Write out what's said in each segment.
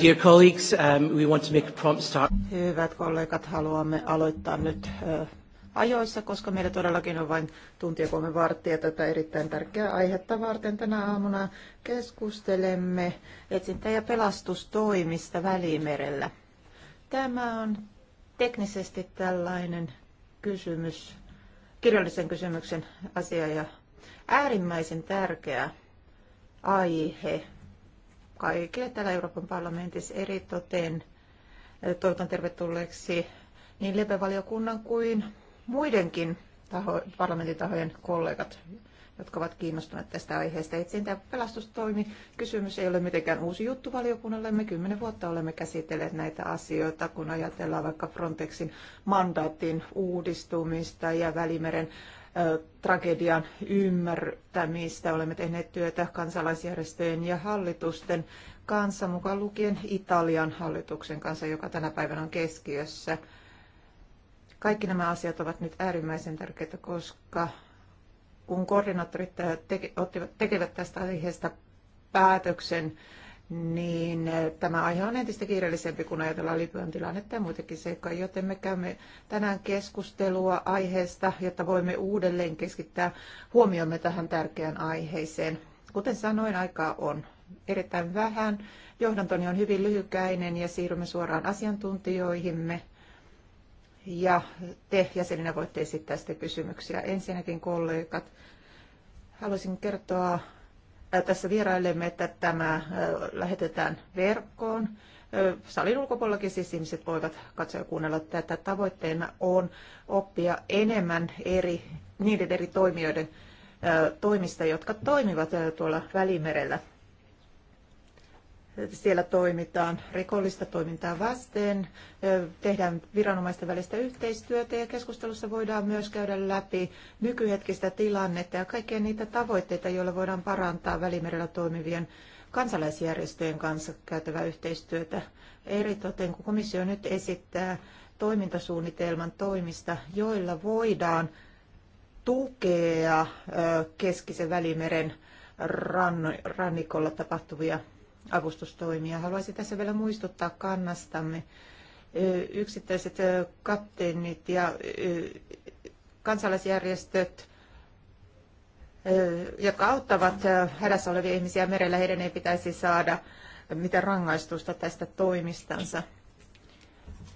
Dear colleagues, um, we want to make a prompt start. Hyvät kollegat, haluamme aloittaa nyt uh, ajoissa, koska meillä todellakin on vain tuntia kolme varttia tätä erittäin tärkeää aihetta varten. Tänä aamuna keskustelemme etsintä- ja pelastustoimista Välimerellä. Tämä on teknisesti tällainen kysymys, kirjallisen kysymyksen asia ja äärimmäisen tärkeä aihe kaikille täällä Euroopan parlamentissa eri toteen. Toivotan tervetulleeksi niin lepevaliokunnan kuin muidenkin taho, parlamentin tahojen kollegat, jotka ovat kiinnostuneet tästä aiheesta. Itse tämä pelastustoimi kysymys ei ole mitenkään uusi juttu valiokunnalle. Me kymmenen vuotta olemme käsitelleet näitä asioita, kun ajatellaan vaikka Frontexin mandaatin uudistumista ja Välimeren tragedian ymmärtämistä. Olemme tehneet työtä kansalaisjärjestöjen ja hallitusten kanssa, mukaan lukien Italian hallituksen kanssa, joka tänä päivänä on keskiössä. Kaikki nämä asiat ovat nyt äärimmäisen tärkeitä, koska kun koordinaattorit tekevät tästä aiheesta päätöksen, niin eh, tämä aihe on entistä kiireellisempi, kun ajatellaan Libyan tilannetta ja muitakin seikkoja, joten me käymme tänään keskustelua aiheesta, jotta voimme uudelleen keskittää huomiomme tähän tärkeään aiheeseen. Kuten sanoin, aikaa on erittäin vähän. Johdantoni on hyvin lyhykäinen ja siirrymme suoraan asiantuntijoihimme. Ja te jäseninä voitte esittää sitten kysymyksiä. Ensinnäkin kollegat, haluaisin kertoa tässä vierailemme, että tämä lähetetään verkkoon. Salin ulkopuolellakin siis ihmiset voivat katsoa ja kuunnella tätä. Tavoitteena on oppia enemmän eri, niiden eri toimijoiden toimista, jotka toimivat tuolla Välimerellä siellä toimitaan rikollista toimintaa vasten, tehdään viranomaisten välistä yhteistyötä ja keskustelussa voidaan myös käydä läpi nykyhetkistä tilannetta ja kaikkia niitä tavoitteita, joilla voidaan parantaa välimerellä toimivien kansalaisjärjestöjen kanssa käytävää yhteistyötä. Eritoten kun komissio nyt esittää toimintasuunnitelman toimista, joilla voidaan tukea keskisen välimeren rannikolla tapahtuvia avustustoimia. Haluaisin tässä vielä muistuttaa kannastamme. Yksittäiset kapteenit ja kansalaisjärjestöt, jotka auttavat hädässä olevia ihmisiä merellä, heidän ei pitäisi saada mitään rangaistusta tästä toimistansa.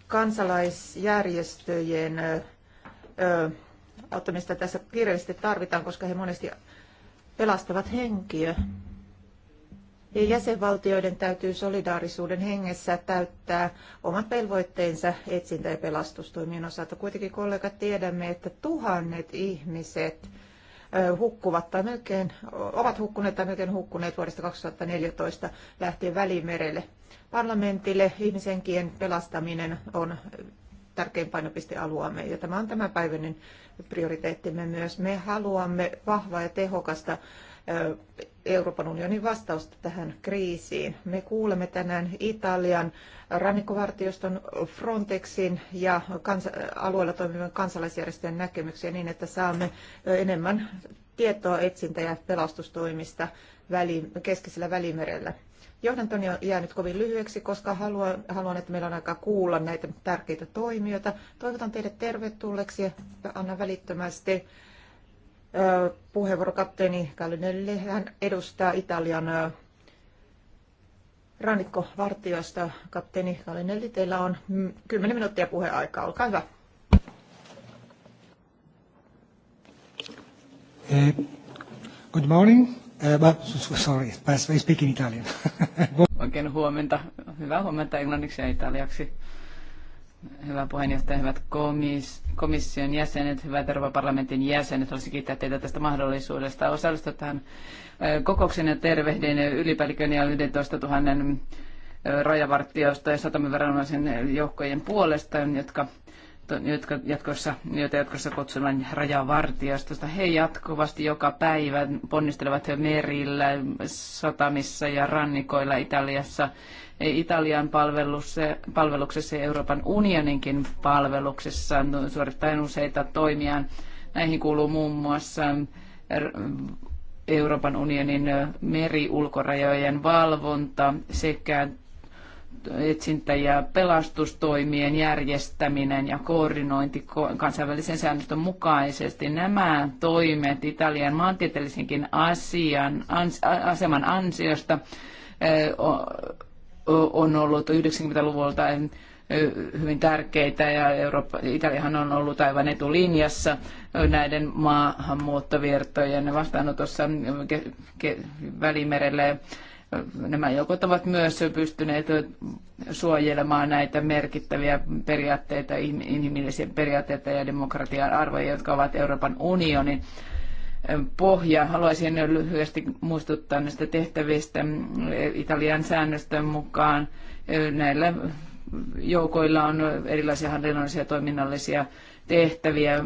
Kansalaisjärjestöjen auttamista tässä kirjallisesti tarvitaan, koska he monesti pelastavat henkiä. Ja jäsenvaltioiden täytyy solidaarisuuden hengessä täyttää omat velvoitteensa etsintä- ja pelastustoimien osalta. Kuitenkin kollegat tiedämme, että tuhannet ihmiset hukkuvat tai melkein, ovat hukkuneet tai melkein hukkuneet vuodesta 2014 lähtien Välimerelle. Parlamentille ihmisenkien pelastaminen on tärkein painopistealueemme ja tämä on tämänpäiväinen prioriteettimme myös. Me haluamme vahvaa ja tehokasta Euroopan unionin vastausta tähän kriisiin. Me kuulemme tänään Italian rannikkovartioston Frontexin ja kans- alueella toimivan kansalaisjärjestöjen näkemyksiä niin, että saamme enemmän tietoa etsintä- ja pelastustoimista väli- keskisellä välimerellä. Johdantoni on jäänyt kovin lyhyeksi, koska haluan, haluan, että meillä on aika kuulla näitä tärkeitä toimijoita. Toivotan teidät tervetulleeksi ja annan välittömästi puheenvuorokapteeni Kallinelli. Hän edustaa Italian rannikkovartiosta. Kapteeni Kallinelli, teillä on 10 minuuttia puheaikaa. Olkaa hyvä. Eh, good morning. Uh, sorry, I speak in Italian. Oikein huomenta. Hyvää huomenta englanniksi ja italiaksi. Hyvä puheenjohtaja, hyvät komis- komission jäsenet, hyvät Euroopan parlamentin jäsenet. Haluaisin kiittää teitä tästä mahdollisuudesta osallistua tähän kokouksen ja tervehdin ylipäällikön ja 11 000 rajavartiosta ja satamiviranomaisen joukkojen puolesta, jotka jotka jatkossa, joita jatkossa kutsutaan rajavartiostosta. He jatkuvasti joka päivä ponnistelevat merillä, satamissa ja rannikoilla Italiassa Italian palveluksessa ja Euroopan unioninkin palveluksessa suorittaen useita toimiaan. Näihin kuuluu muun muassa er, Euroopan unionin meriulkorajojen valvonta sekä etsintä- ja pelastustoimien järjestäminen ja koordinointi kansainvälisen säännöstön mukaisesti. Nämä toimet Italian maantieteellisenkin asian, ans, aseman ansiosta on ollut 90-luvulta hyvin tärkeitä ja Eurooppa, Italiahan on ollut aivan etulinjassa näiden maahanmuuttovirtojen vastaanotossa ke, ke, Nämä joukot ovat myös pystyneet suojelemaan näitä merkittäviä periaatteita, inhimillisiä periaatteita ja demokratian arvoja, jotka ovat Euroopan unionin pohja. Haluaisin lyhyesti muistuttaa näistä tehtävistä Italian säännöstön mukaan. Näillä joukoilla on erilaisia hallinnollisia ja toiminnallisia tehtäviä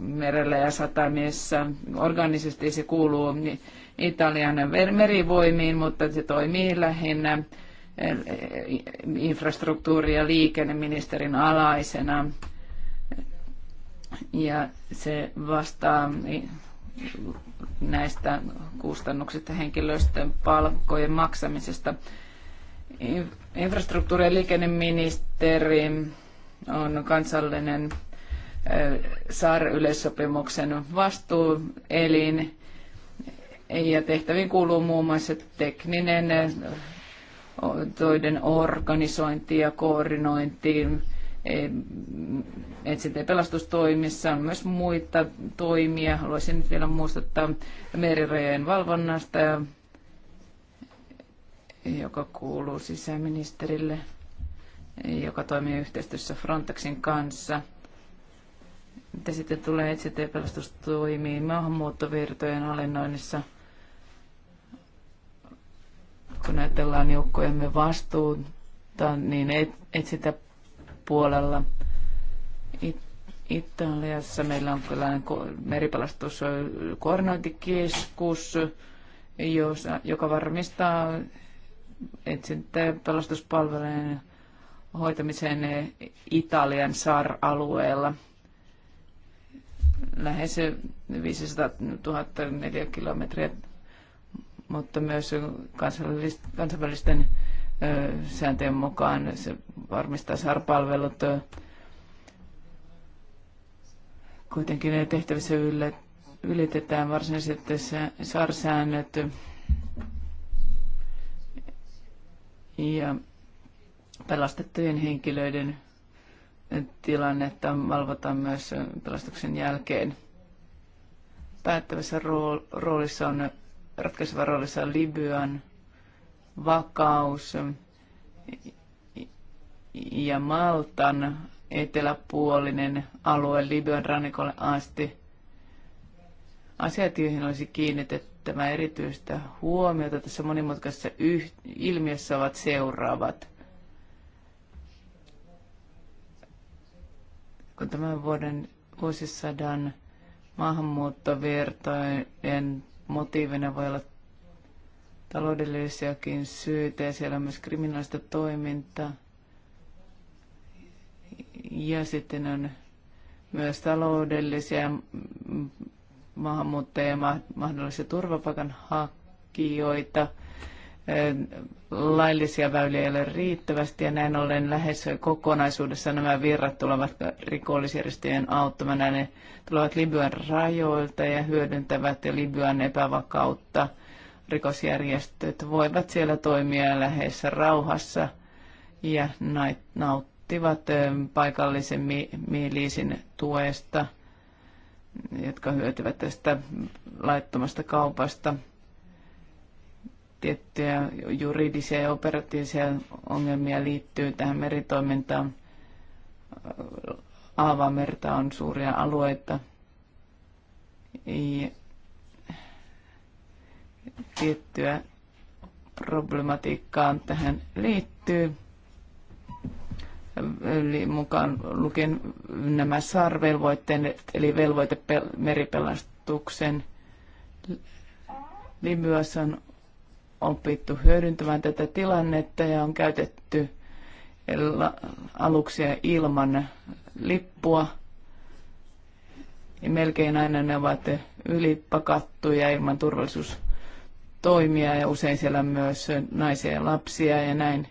merellä ja satamissa. Organisesti se kuuluu Italian merivoimiin, mutta se toimii lähinnä eh, infrastruktuuri- ja liikenneministerin alaisena. Ja se vastaa näistä kustannuksista henkilöstön palkkojen maksamisesta. Infrastruktuuri- ja liikenneministeri on kansallinen SAR-yleissopimuksen vastuuelin ja tehtäviin kuuluu muun muassa tekninen toiden organisointi ja koordinointi, ECT-pelastustoimissa on myös muita toimia. Haluaisin nyt vielä muistuttaa merirajojen valvonnasta, joka kuuluu sisäministerille, joka toimii yhteistyössä Frontexin kanssa. Mitä sitten tulee ECT-pelastustoimiin maahanmuuttovirtojen hallinnoinnissa? Kun ajatellaan niukkojemme vastuuta, niin etsitä puolella. Italiassa meillä on kyllä meripelastuskoordinointikeskus, joka varmistaa etsintä pelastuspalvelujen hoitamiseen Italian saar-alueella. Lähes 500 000 kilometriä, mutta myös kansainvälisten sääntöjen mukaan. Se varmistaa SAR-palvelut kuitenkin ne tehtävissä ylitetään varsinaiset SAR-säännöt ja pelastettujen henkilöiden tilannetta valvotaan myös pelastuksen jälkeen. Päättävässä roolissa on, ratkaiseva roolissa on Libyan vakaus ja Maltan eteläpuolinen alue Libyan rannikolle asti. Asiat, joihin olisi kiinnitettävä erityistä huomiota tässä monimutkaisessa yh- ilmiössä ovat seuraavat. Kun tämän vuoden vuosisadan maahanmuuttovirtojen motiivina voi olla taloudellisiakin syitä ja siellä on myös kriminaalista toimintaa. Ja sitten on myös taloudellisia maahanmuuttajia, mahdollisia turvapaikanhakijoita. Laillisia väyliä ei ole riittävästi ja näin ollen lähes kokonaisuudessa nämä virrat tulevat rikollisjärjestöjen auttamana. Ne tulevat Libyan rajoilta ja hyödyntävät Libyan epävakautta rikosjärjestöt voivat siellä toimia läheessä rauhassa ja nauttivat paikallisen mielisin tuesta, jotka hyötyvät tästä laittomasta kaupasta. Tiettyjä juridisia ja operatiivisia ongelmia liittyy tähän meritoimintaan. Aavamerta on suuria alueita, tiettyä problematiikkaa tähän liittyy. Eli mukaan lukien nämä sar eli velvoite meripelastuksen Libyassa on opittu hyödyntämään tätä tilannetta ja on käytetty aluksia ilman lippua. Ja melkein aina ne ovat ylipakattuja ilman turvallisuus toimia ja usein siellä myös naisia ja lapsia ja näin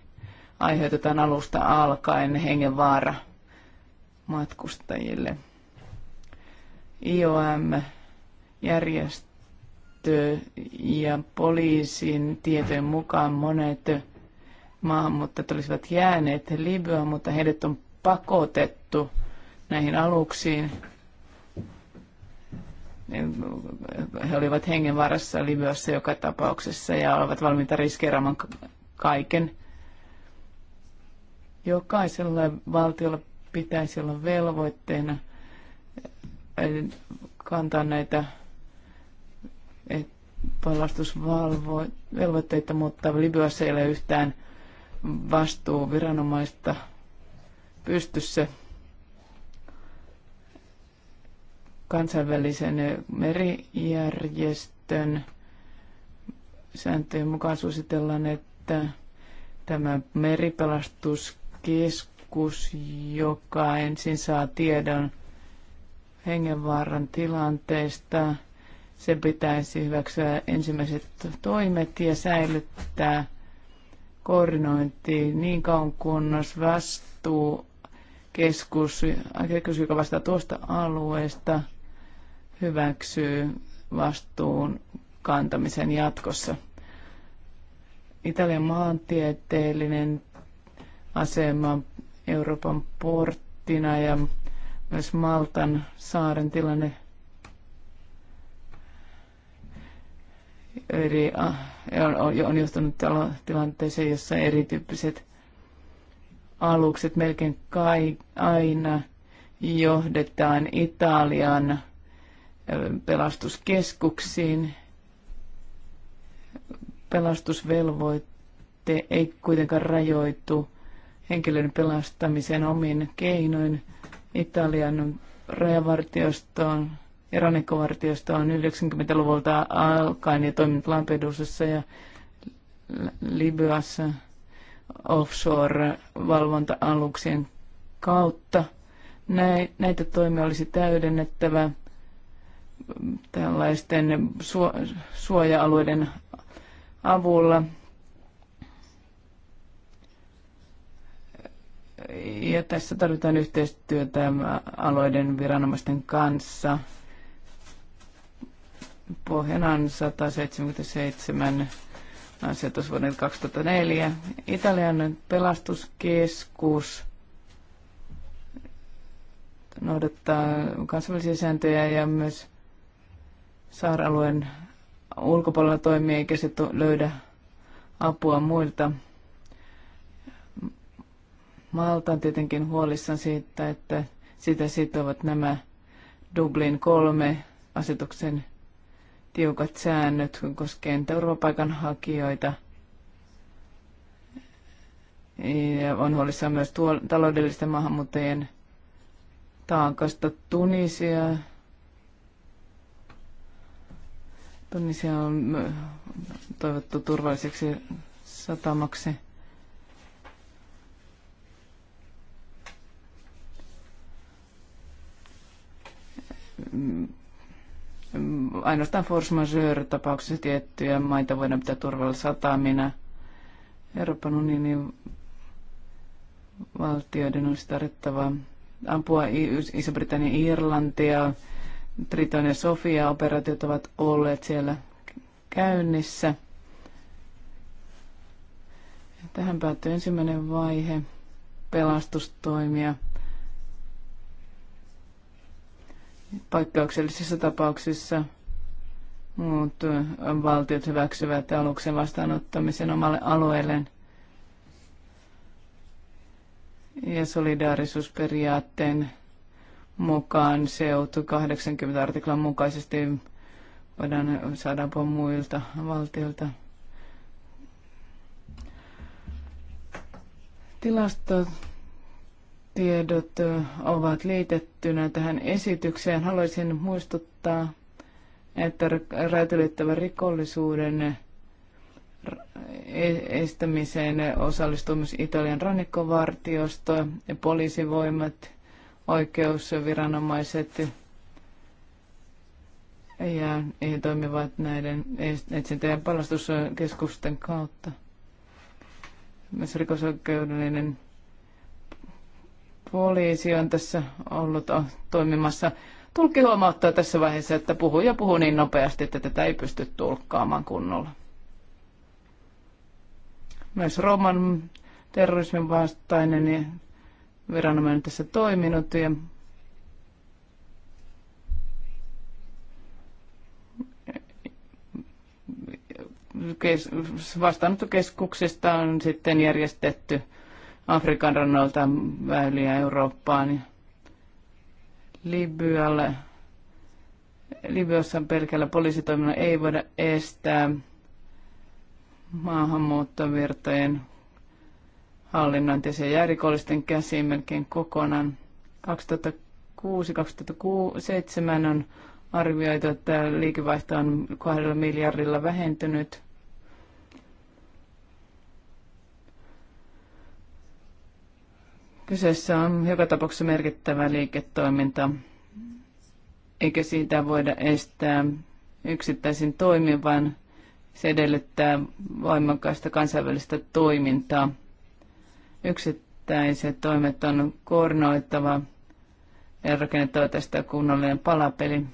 aiheutetaan alusta alkaen hengenvaara matkustajille. IOM järjestö ja poliisin tietojen mukaan monet maahanmuuttajat olisivat jääneet Libyaan, mutta heidät on pakotettu näihin aluksiin he olivat hengenvarassa Libyassa joka tapauksessa ja olivat valmiita riskeeraamaan kaiken. Jokaisella valtiolla pitäisi olla velvoitteena eh, kantaa näitä eh, pelastusvelvoitteita, mutta Libyassa ei ole yhtään vastuuviranomaista pystyssä. kansainvälisen merijärjestön sääntöjen mukaan suositellaan, että tämä meripelastuskeskus, joka ensin saa tiedon hengenvaaran tilanteesta, se pitäisi hyväksyä ensimmäiset toimet ja säilyttää koordinointi niin kauan kunnes vastuu keskus, keskus, joka vastaa tuosta alueesta – hyväksyy vastuun kantamisen jatkossa. Italian maantieteellinen asema Euroopan porttina ja myös Maltan saaren tilanne eri, on, johtanut tilanteeseen, jossa erityyppiset alukset melkein kai, aina johdetaan Italian pelastuskeskuksiin. Pelastusvelvoitte ei kuitenkaan rajoitu henkilön pelastamiseen omin keinoin. Italian rajavartiostoon ja rannikkovartiosto on 90-luvulta alkaen ja toiminut Lampedusassa ja Libyassa offshore-valvonta-aluksien kautta. Näitä toimia olisi täydennettävä tällaisten suoja-alueiden avulla. Ja tässä tarvitaan yhteistyötä alueiden viranomaisten kanssa. Pohjana on 177 asetus vuoden 2004. Italian pelastuskeskus noudattaa kansainvälisiä sääntöjä ja myös saaralueen ulkopuolella toimii eikä se löydä apua muilta. Malta on tietenkin huolissaan siitä, että sitä sitovat nämä Dublin kolme asetuksen tiukat säännöt koskien turvapaikanhakijoita. Ja on huolissaan myös tuo, taloudellisten maahanmuuttajien taakasta Tunisia Tunisia on toivottu turvalliseksi satamaksi. Ainoastaan force majeure-tapauksessa tiettyjä maita voidaan pitää turvalla satamina. Euroopan unionin valtioiden olisi tarvittava ampua Iso-Britannia Irlantia, Triton ja Sofia-operaatiot ovat olleet siellä käynnissä. Tähän päättyy ensimmäinen vaihe pelastustoimia. Paikkauksellisissa tapauksissa muut valtiot hyväksyvät aluksen vastaanottamisen omalle alueelleen ja solidaarisuusperiaatteen mukaan seutu 80 artiklan mukaisesti voidaan saada apua muilta valtiolta. Tilastotiedot ovat liitettynä tähän esitykseen. Haluaisin muistuttaa, että räätälyttävän rikollisuuden e- estämiseen osallistuu myös Italian rannikkovartiosto ja poliisivoimat – oikeusviranomaiset ja, ja toimivat näiden etsintöjen palastuskeskusten kautta. Myös rikosoikeudellinen poliisi on tässä ollut toimimassa. Tulkki huomauttaa tässä vaiheessa, että puhuu ja puhuu niin nopeasti, että tätä ei pysty tulkkaamaan kunnolla. Myös Rooman terrorismin vastainen viranomainen tässä toiminut ja kes, on sitten järjestetty Afrikan rannalta väyliä Eurooppaan ja Libyalle. Libyossa pelkällä poliisitoiminnalla ei voida estää maahanmuuttovirtojen hallinnointi se jäi rikollisten käsiin melkein kokonaan. 2006-2007 on arvioitu, että liikevaihto on kahdella miljardilla vähentynyt. Kyseessä on joka tapauksessa merkittävä liiketoiminta, eikä siitä voida estää yksittäisin toimin, vaan se edellyttää voimakkaista kansainvälistä toimintaa yksittäiset toimet on koordinoitava ja rakennettava tästä kunnollinen palapeli.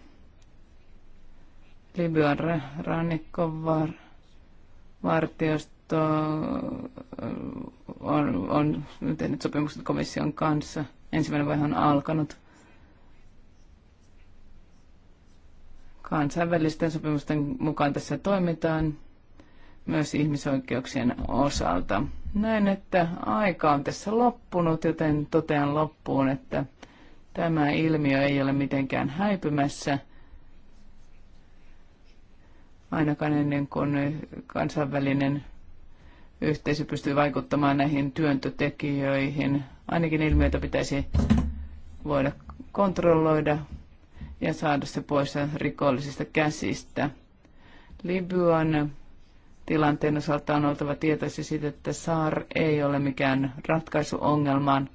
Libyan rannikkovar- vartiosto äh, on, on tehnyt sopimukset komission kanssa. Ensimmäinen vaihe on alkanut. Kansainvälisten sopimusten mukaan tässä toimitaan myös ihmisoikeuksien osalta. Näen, että aika on tässä loppunut, joten totean loppuun, että tämä ilmiö ei ole mitenkään häipymässä, ainakaan ennen kuin kansainvälinen yhteisö pystyy vaikuttamaan näihin työntötekijöihin. Ainakin ilmiötä pitäisi voida kontrolloida ja saada se pois rikollisista käsistä. Libyan tilanteen osalta on oltava tietoisia siitä, että SAR ei ole mikään ratkaisu ongelmaan,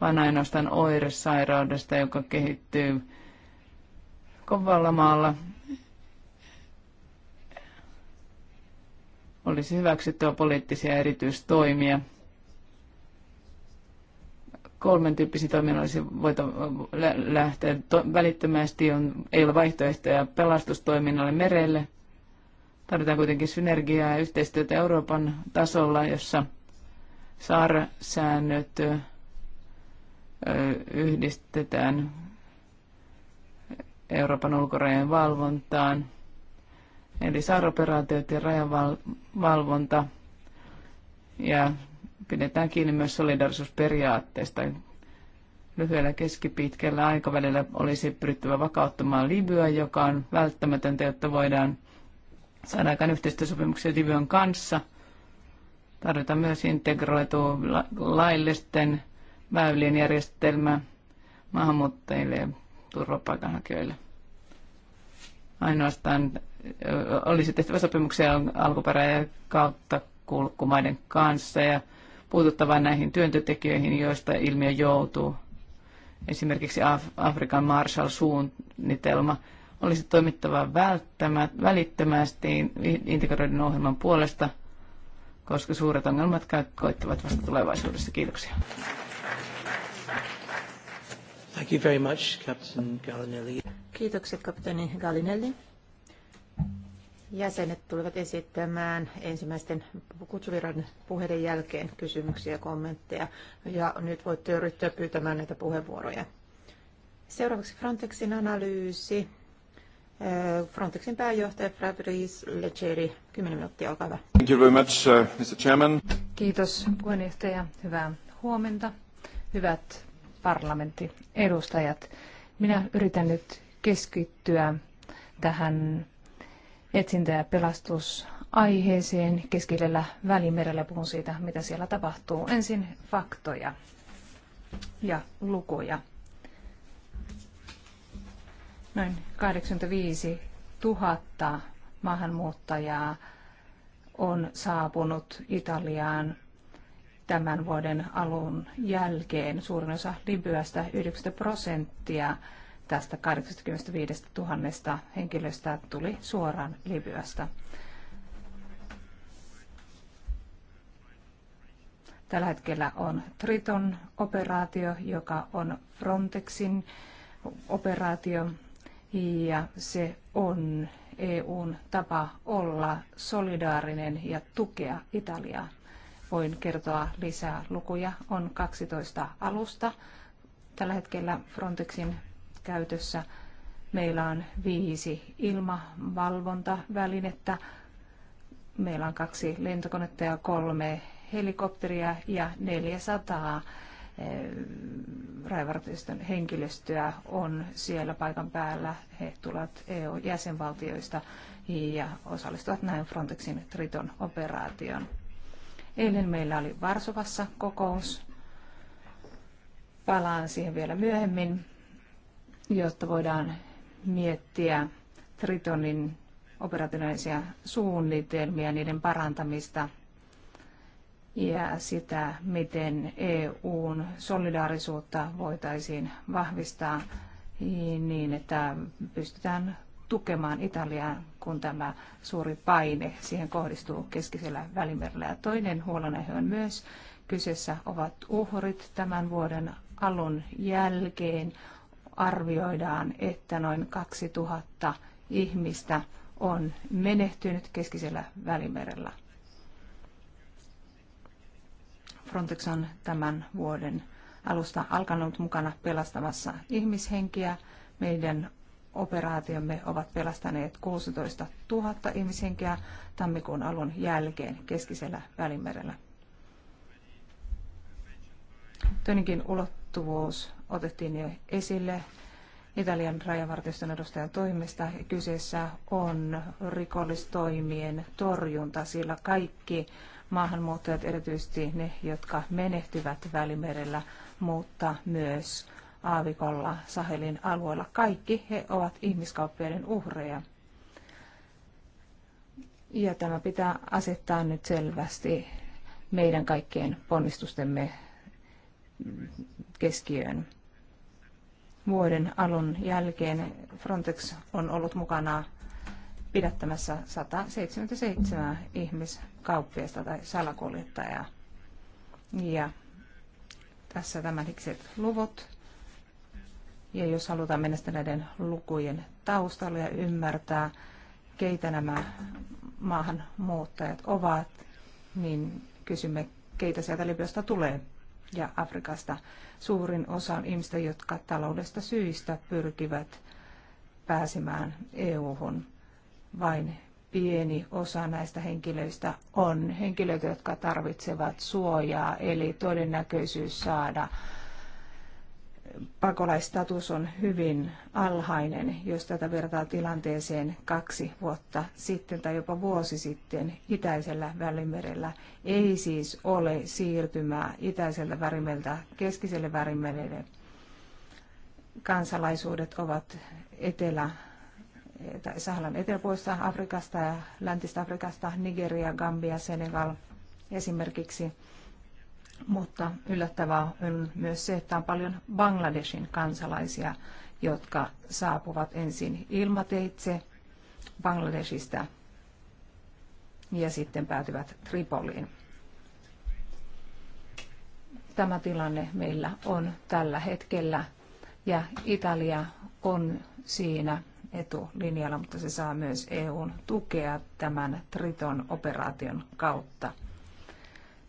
vaan ainoastaan oire sairaudesta, joka kehittyy kovalla maalla. Olisi hyväksyttyä poliittisia erityistoimia. Kolmen tyyppisiä toimia olisi voitu lähteä välittömästi. On, ei ole vaihtoehtoja pelastustoiminnalle merelle – Tarvitaan kuitenkin synergiaa ja yhteistyötä Euroopan tasolla, jossa saarsäännöt yhdistetään Euroopan ulkorajan valvontaan. Eli saaroperaatiot ja rajavalvonta ja pidetään kiinni myös solidarisuusperiaatteesta. Lyhyellä keskipitkällä aikavälillä olisi pyrittävä vakauttamaan Libyä, joka on välttämätöntä, jotta voidaan saada aikaan yhteistyösopimuksia Livion kanssa. Tarvitaan myös integroitu laillisten väylien järjestelmä maahanmuuttajille ja turvapaikanhakijoille. Ainoastaan olisi tehtävä sopimuksia alkuperä- ja kautta kulkumaiden kanssa ja puututtava näihin työntötekijöihin, joista ilmiö joutuu. Esimerkiksi Af- Afrikan Marshall-suunnitelma – olisi toimittava välittömästi integroidun ohjelman puolesta, koska suuret ongelmat koittavat vasta tulevaisuudessa. Kiitoksia. Thank you very much, Captain Gallinelli. Kiitokset, kapteeni Gallinelli. Jäsenet tulevat esittämään ensimmäisten kutsuviran puheiden jälkeen kysymyksiä ja kommentteja. Ja nyt voitte ryhtyä pyytämään näitä puheenvuoroja. Seuraavaksi Frontexin analyysi. Frontexin pääjohtaja Fabrice Leggeri, 10 minuuttia, olkaa hyvä. Thank you very much, uh, Mr. Chairman. Kiitos puheenjohtaja, hyvää huomenta. Hyvät parlamentin edustajat. minä yritän nyt keskittyä tähän etsintä- ja pelastusaiheeseen keskellä välimerellä. Puhun siitä, mitä siellä tapahtuu. Ensin faktoja ja lukuja noin 85 000 maahanmuuttajaa on saapunut Italiaan tämän vuoden alun jälkeen. Suurin osa Libyasta 90 prosenttia tästä 85 000 henkilöstä tuli suoraan Libyasta. Tällä hetkellä on Triton operaatio, joka on Frontexin operaatio ja se on EUn tapa olla solidaarinen ja tukea Italiaa. Voin kertoa lisää lukuja. On 12 alusta tällä hetkellä Frontexin käytössä. Meillä on viisi ilmavalvontavälinettä. Meillä on kaksi lentokonetta ja kolme helikopteria ja 400 Eh, raivartiston henkilöstöä on siellä paikan päällä. He tulevat EU-jäsenvaltioista ja osallistuvat näin Frontexin Triton operaation. Eilen meillä oli Varsovassa kokous. Palaan siihen vielä myöhemmin, jotta voidaan miettiä Tritonin operationaalisia suunnitelmia, niiden parantamista – ja sitä, miten EUn solidaarisuutta voitaisiin vahvistaa niin, että pystytään tukemaan Italiaa, kun tämä suuri paine siihen kohdistuu keskisellä välimerellä. Ja toinen huolenaihe on myös, kyseessä ovat uhrit tämän vuoden alun jälkeen. Arvioidaan, että noin 2000 ihmistä on menehtynyt keskisellä välimerellä. Frontex on tämän vuoden alusta alkanut mukana pelastamassa ihmishenkiä. Meidän operaatiomme ovat pelastaneet 16 000 ihmishenkiä tammikuun alun jälkeen keskisellä välimerellä. Töninkin ulottuvuus otettiin jo esille Italian rajavartiston edustajan toimesta. Kyseessä on rikollistoimien torjunta, sillä kaikki maahanmuuttajat, erityisesti ne, jotka menehtyvät välimerellä, mutta myös aavikolla Sahelin alueella. Kaikki he ovat ihmiskauppiaiden uhreja. Ja tämä pitää asettaa nyt selvästi meidän kaikkien ponnistustemme keskiöön. Vuoden alun jälkeen Frontex on ollut mukana pidättämässä 177 ihmis kauppiasta tai salakuljettajaa. Ja tässä hikset luvut. Ja jos halutaan mennä näiden lukujen taustalle ja ymmärtää, keitä nämä maahanmuuttajat ovat, niin kysymme, keitä sieltä Libyasta tulee ja Afrikasta. Suurin osa on ihmistä, jotka taloudesta syistä pyrkivät pääsemään EU-hun. Vain pieni osa näistä henkilöistä on henkilöitä, jotka tarvitsevat suojaa, eli todennäköisyys saada pakolaistatus on hyvin alhainen, jos tätä vertaa tilanteeseen kaksi vuotta sitten tai jopa vuosi sitten itäisellä välimerellä. Ei siis ole siirtymää itäiseltä värimeltä keskiselle värimerelle. Kansalaisuudet ovat etelä Sahalan eteläpuolesta Afrikasta ja läntistä Afrikasta, Nigeria, Gambia, Senegal esimerkiksi. Mutta yllättävää on myös se, että on paljon Bangladeshin kansalaisia, jotka saapuvat ensin ilmateitse Bangladeshista ja sitten päätyvät Tripoliin. Tämä tilanne meillä on tällä hetkellä ja Italia on siinä etulinjalla, mutta se saa myös EUn tukea tämän Triton operaation kautta.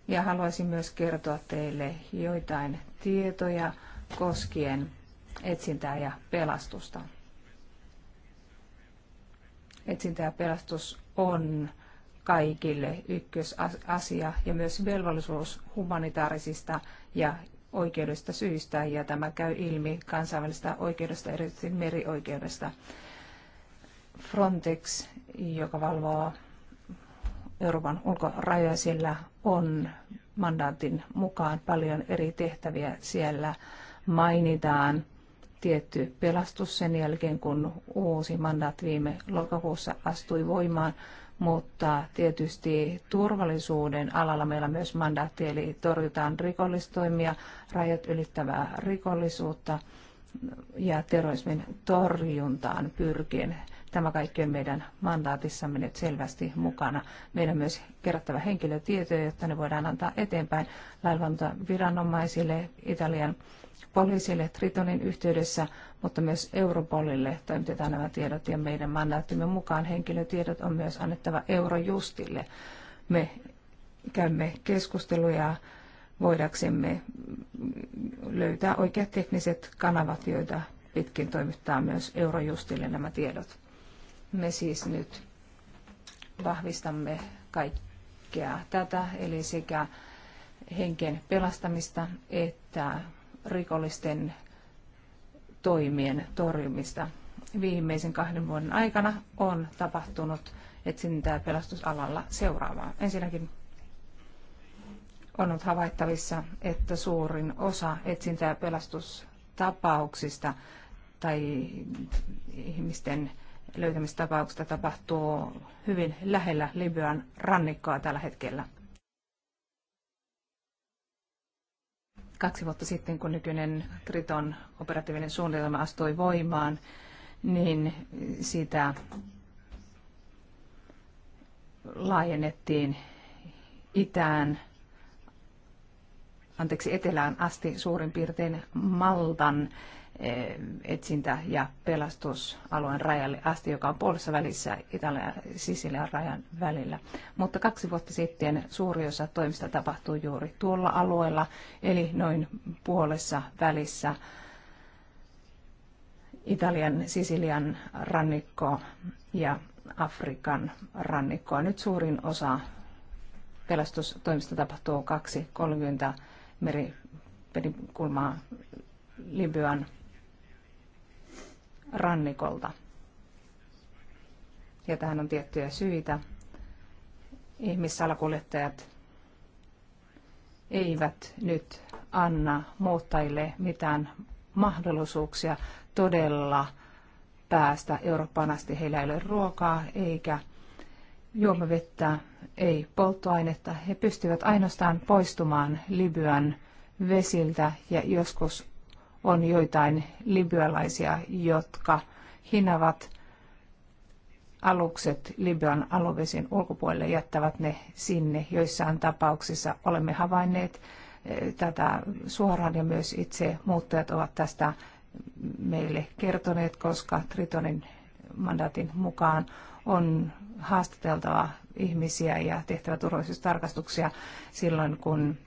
Ja haluaisin myös kertoa teille joitain tietoja koskien etsintää ja pelastusta. Etsintä ja pelastus on kaikille ykkösasia ja myös velvollisuus humanitaarisista ja oikeudesta syistä, ja tämä käy ilmi kansainvälistä oikeudesta, erityisesti merioikeudesta. Frontex, joka valvoo Euroopan ulkorajoja, sillä on mandaatin mukaan paljon eri tehtäviä. Siellä mainitaan tietty pelastus sen jälkeen, kun uusi mandaatti viime lokakuussa astui voimaan, mutta tietysti turvallisuuden alalla meillä on myös mandaatti, eli torjutaan rikollistoimia, rajat ylittävää rikollisuutta ja terrorismin torjuntaan pyrkien. Tämä kaikki on meidän mandaatissamme nyt selvästi mukana. Meidän on myös kerättävä henkilötietoja, jotta ne voidaan antaa eteenpäin viranomaisille, Italian poliisille Tritonin yhteydessä, mutta myös Europolille toimitetaan nämä tiedot ja meidän mandaattimme mukaan henkilötiedot on myös annettava Eurojustille. Me käymme keskusteluja voidaksemme löytää oikeat tekniset kanavat, joita pitkin toimittaa myös Eurojustille nämä tiedot. Me siis nyt vahvistamme kaikkea tätä, eli sekä henken pelastamista että rikollisten toimien torjumista. Viimeisen kahden vuoden aikana on tapahtunut etsintää pelastusalalla seuraavaa. Ensinnäkin on ollut havaittavissa, että suurin osa etsintää pelastustapauksista tai ihmisten löytämistapauksista tapahtuu hyvin lähellä Libyan rannikkoa tällä hetkellä. Kaksi vuotta sitten, kun nykyinen Triton operatiivinen suunnitelma astui voimaan, niin sitä laajennettiin itään, anteeksi etelään asti suurin piirtein Maltan Eh, etsintä- ja pelastusalueen rajalle asti, joka on puolessa välissä Italian ja Sisilian rajan välillä. Mutta kaksi vuotta sitten suuri osa toimista tapahtuu juuri tuolla alueella, eli noin puolessa välissä Italian, Sisilian rannikko ja Afrikan rannikkoa. Nyt suurin osa pelastustoimista tapahtuu 2.30 kulmaa Libyan rannikolta. Ja tähän on tiettyjä syitä. Ihmissalakuljettajat eivät nyt anna muuttajille mitään mahdollisuuksia todella päästä Eurooppaan asti. Heillä ei ole ruokaa eikä juomavettä, ei polttoainetta. He pystyvät ainoastaan poistumaan Libyan vesiltä ja joskus on joitain libyalaisia, jotka hinavat alukset Libyan aluvesin ulkopuolelle, jättävät ne sinne. Joissain tapauksissa olemme havainneet eh, tätä suoraan ja myös itse muuttajat ovat tästä meille kertoneet, koska Tritonin mandaatin mukaan on haastateltava ihmisiä ja tehtävä turvallisuustarkastuksia silloin, kun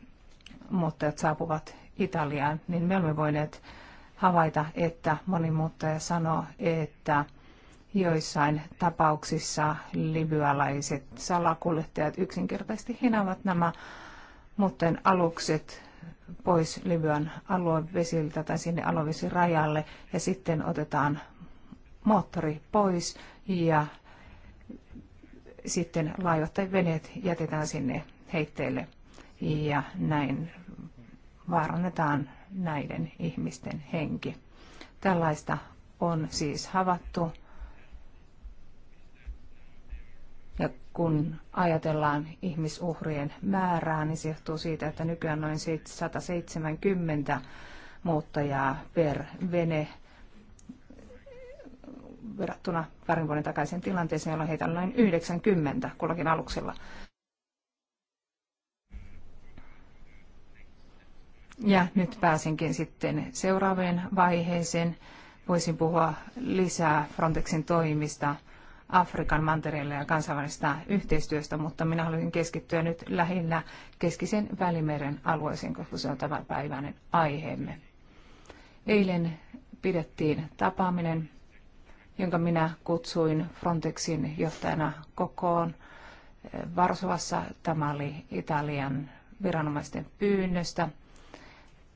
muuttajat saapuvat Italiaan, niin me olemme voineet havaita, että moni muuttaja sanoo, että joissain tapauksissa libyalaiset salakuljettajat yksinkertaisesti hinaavat nämä muuten alukset pois Libyan aluevesiltä tai sinne aluevesirajalle ja sitten otetaan moottori pois ja sitten laivat tai veneet jätetään sinne heitteille ja näin vaarannetaan näiden ihmisten henki. Tällaista on siis havattu. Ja kun ajatellaan ihmisuhrien määrää, niin se johtuu siitä, että nykyään noin 170 muuttajaa per vene verrattuna parin vuoden takaisin tilanteeseen, jolloin heitä on noin 90 kullakin aluksella. Ja nyt pääsinkin sitten seuraaveen vaiheeseen. Voisin puhua lisää Frontexin toimista Afrikan mantereella ja kansainvälisestä yhteistyöstä, mutta minä haluaisin keskittyä nyt lähinnä keskisen välimeren alueeseen, koska se on päivän aiheemme. Eilen pidettiin tapaaminen, jonka minä kutsuin Frontexin johtajana kokoon Varsovassa. Tämä oli Italian viranomaisten pyynnöstä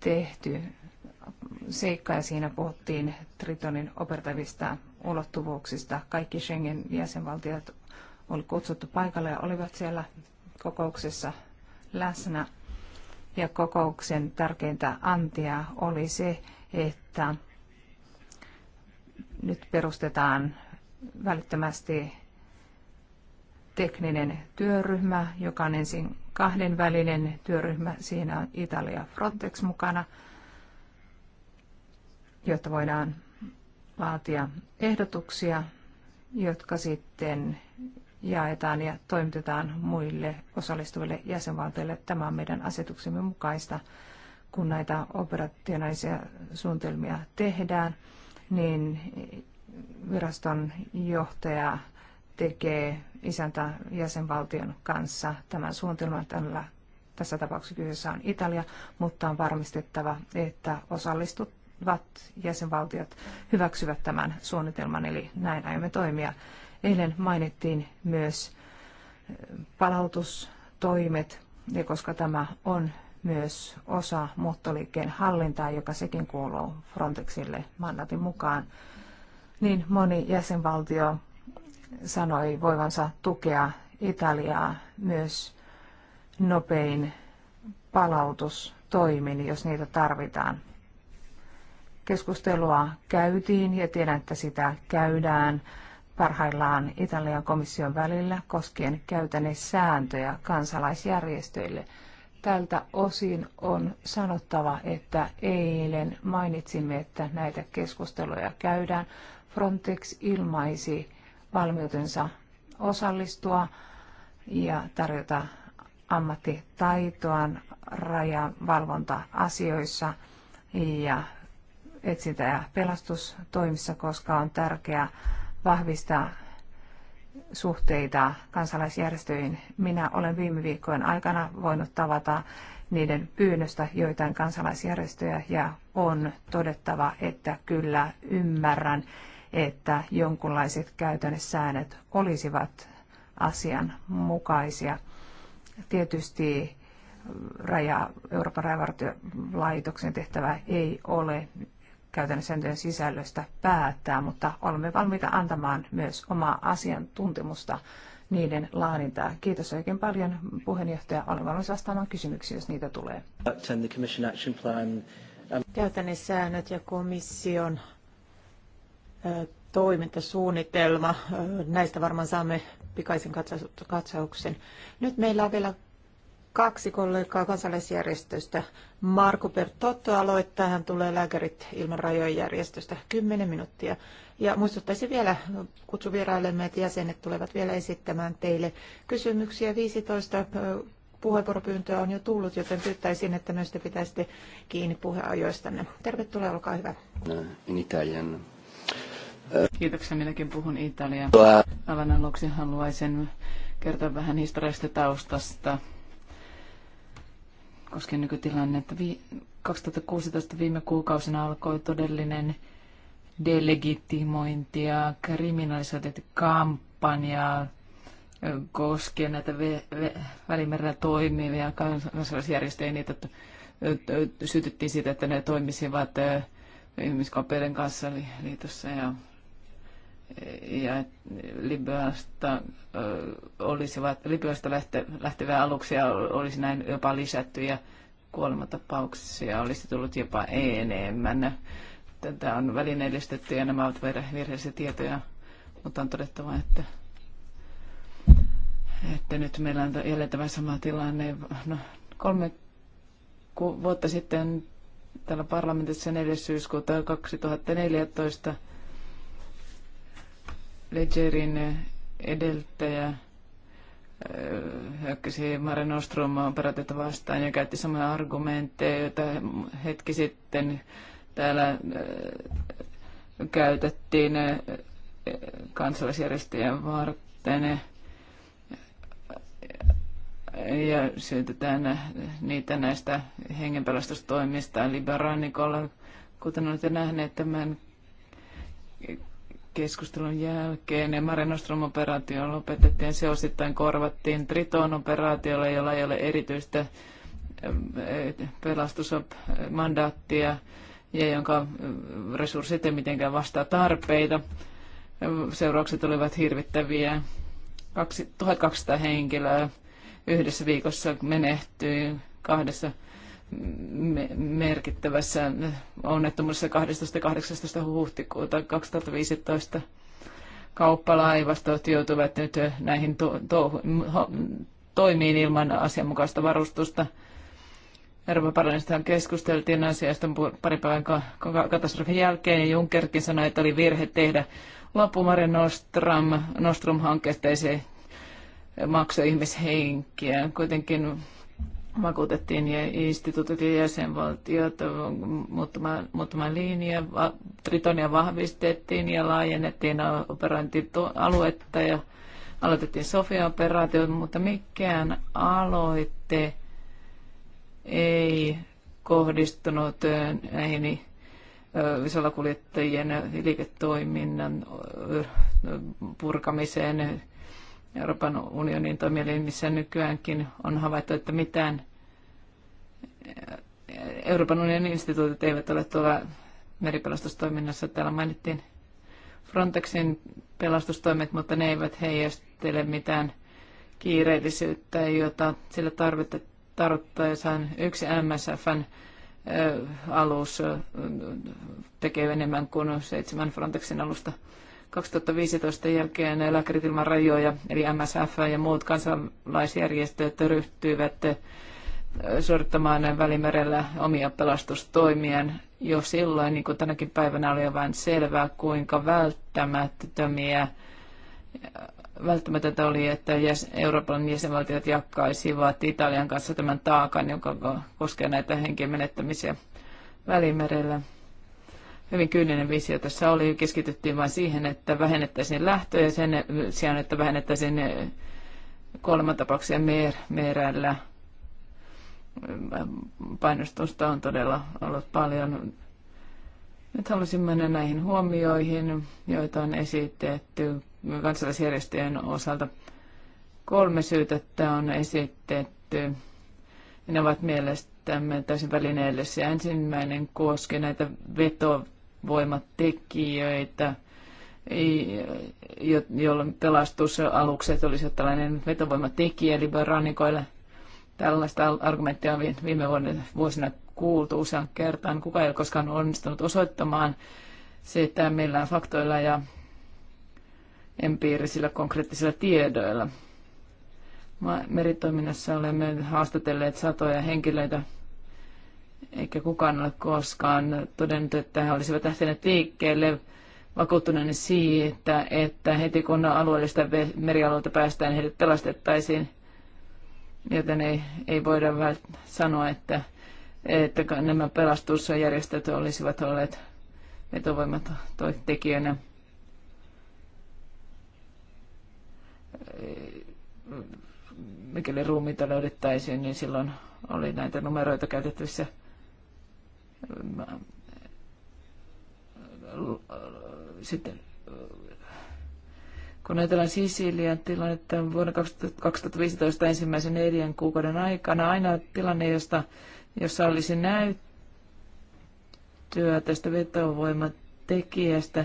tehty seikka ja siinä puhuttiin Tritonin operatiivista ulottuvuuksista. Kaikki Schengen jäsenvaltiot oli kutsuttu paikalle ja olivat siellä kokouksessa läsnä. Ja kokouksen tärkeintä antia oli se, että nyt perustetaan välittömästi tekninen työryhmä, joka on ensin kahdenvälinen työryhmä. Siinä on Italia Frontex mukana, jotta voidaan laatia ehdotuksia, jotka sitten jaetaan ja toimitetaan muille osallistuville jäsenvaltioille. Tämä on meidän asetuksemme mukaista, kun näitä operationaisia suunnitelmia tehdään, niin viraston johtaja tekee isäntä jäsenvaltion kanssa tämän suunnitelman. Tällä, tässä tapauksessa kyseessä on Italia, mutta on varmistettava, että osallistuvat jäsenvaltiot hyväksyvät tämän suunnitelman, eli näin aiomme toimia. Eilen mainittiin myös eh, palautustoimet, ja koska tämä on myös osa muuttoliikkeen hallintaa, joka sekin kuuluu Frontexille mandatin mukaan, niin moni jäsenvaltio sanoi voivansa tukea Italiaa myös nopein palautustoimin, jos niitä tarvitaan. Keskustelua käytiin ja tiedän, että sitä käydään parhaillaan Italian komission välillä koskien sääntöjä kansalaisjärjestöille. Tältä osin on sanottava, että eilen mainitsimme, että näitä keskusteluja käydään. Frontex ilmaisi valmiutensa osallistua ja tarjota ammattitaitoaan rajavalvonta-asioissa ja etsintä- ja pelastustoimissa, koska on tärkeää vahvistaa suhteita kansalaisjärjestöihin. Minä olen viime viikkojen aikana voinut tavata niiden pyynnöstä joitain kansalaisjärjestöjä ja on todettava, että kyllä ymmärrän, että jonkunlaiset käytännössäännöt olisivat asianmukaisia. Tietysti raja, Euroopan rajavartiolaitoksen tehtävä ei ole käytännön sääntöjen sisällöstä päättää, mutta olemme valmiita antamaan myös omaa asiantuntemusta niiden laadintaa. Kiitos oikein paljon puheenjohtaja. Olen valmis vastaamaan kysymyksiä, jos niitä tulee. Käytännön säännöt ja komission toimintasuunnitelma. Näistä varmaan saamme pikaisen katsauksen. Nyt meillä on vielä kaksi kollegaa kansalaisjärjestöstä. Marko Pertotto aloittaa, hän tulee Lääkärit ilman rajojen järjestöstä 10 minuuttia. Ja muistuttaisin vielä kutsuvierailemme, että jäsenet tulevat vielä esittämään teille kysymyksiä. 15 puheenvuoropyyntöä on jo tullut, joten pyytäisin, että myös te pitäisitte kiinni puheajoistanne. Tervetuloa, olkaa hyvä. In Italian. Kiitoksia, minäkin puhun Italiaa. Alan aluksi haluaisin kertoa vähän historiasta taustasta koskien nykytilannetta. 2016 viime kuukausina alkoi todellinen delegitimointi ja kampanja koskien näitä ve- ve- välimerellä toimivia kansalaisjärjestöjä. Niitä sytyttiin siitä, että ne toimisivat ihmiskaupeiden kanssa liitossa ja ja Libyasta, olisivat, Libyasta lähte, lähtevää aluksia olisi näin jopa lisätty ja kuolematapauksia olisi tullut jopa enemmän. Tätä on välineellistetty ja nämä ovat virheellisiä tietoja, mutta on todettava, että, että nyt meillä on tämä sama tilanne. No, kolme vuotta sitten täällä parlamentissa 4. syyskuuta 2014 Ledgerin edeltäjä eh, hyökkäsi Mare Nostromaa operaatiota vastaan ja käytti samoja argumentteja, joita hetki sitten täällä eh, käytettiin eh, kansalaisjärjestöjen varten ja syytetään niitä näistä hengenpelastustoimista Liberaanikolla, Kuten olette nähneet, tämän keskustelun jälkeen Mare Nostrum-operaatio lopetettiin. Se osittain korvattiin Triton-operaatiolla, jolla ei ole erityistä eh, pelastusmandaattia ja jonka eh, resurssit ei mitenkään vastaa tarpeita. Seuraukset olivat hirvittäviä. 1200 henkilöä yhdessä viikossa menehtyi, kahdessa merkittävässä onnettomuudessa 18. huhtikuuta 2015 kauppalaivastot joutuvat nyt näihin to- to- toimiin ilman asianmukaista varustusta. Euroopan parlamentista keskusteltiin asiasta pari päivän katastrofin jälkeen Junckerkin sanoi, että oli virhe tehdä Lapumare Nostrum, Nostrum-hankkeesta ja se maksoi ihmishenkiä. Kuitenkin vakuutettiin ja instituutit ja jäsenvaltiot muutama linja. Tritonia vahvistettiin ja laajennettiin operointialuetta ja aloitettiin Sofia-operaatio, mutta mikään aloitte ei kohdistunut näihin salakuljettajien liiketoiminnan purkamiseen Euroopan unionin toimielimissä nykyäänkin on havaittu, että mitään eh, Euroopan unionin instituutit eivät ole tuolla meripelastustoiminnassa. Täällä mainittiin Frontexin pelastustoimet, mutta ne eivät heijastele mitään kiireellisyyttä, jota sillä tarvittaessaan yksi MSFn eh, alus eh, tekee enemmän kuin seitsemän Frontexin alusta 2015 jälkeen Lääkärit ilman rajoja, eli MSF ja muut kansalaisjärjestöt ryhtyivät suorittamaan välimerellä omia pelastustoimiaan. Jo silloin, niin kuin tänäkin päivänä oli jo vain selvää, kuinka välttämättömiä välttämätöntä oli, että Euroopan jäsenvaltiot jakaisivat Italian kanssa tämän taakan, joka koskee näitä henkien menettämisiä välimerellä hyvin kyyninen visio tässä oli. Keskityttiin vain siihen, että vähennettäisiin lähtöjä sen sijaan, että vähennettäisiin kuolemantapauksia mer- merällä. Painostusta on todella ollut paljon. Nyt haluaisin mennä näihin huomioihin, joita on esitetty kansalaisjärjestöjen osalta. Kolme syytettä on esitetty. Ne ovat mielestämme täysin välineellisiä. Ensimmäinen koski näitä veto, voimatekijöitä, jolloin pelastusalukset olisivat tällainen vetovoimatekijä rannikoille Tällaista argumenttia on viime vuosina kuultu usean kertaan. Kuka ei ole koskaan onnistunut osoittamaan sitä millään faktoilla ja empiirisillä konkreettisilla tiedoilla. Meritoiminnassa olemme haastatelleet satoja henkilöitä eikä kukaan ole koskaan todennut, että he olisivat lähteneet liikkeelle vakuuttuneena siitä, että heti kun alueellista merialueelta päästään, heidät pelastettaisiin. Joten ei, ei voida sanoa, että, että nämä pelastusjärjestöt olisivat olleet vetovoimat tekijänä. Mikäli ruumiita löydettäisiin, niin silloin oli näitä numeroita käytettävissä – sitten kun ajatellaan Sisilian tilannetta vuonna 2015 ensimmäisen neljän kuukauden aikana, aina tilanne, josta, jossa olisi näyttöä tästä vetovoimatekijästä,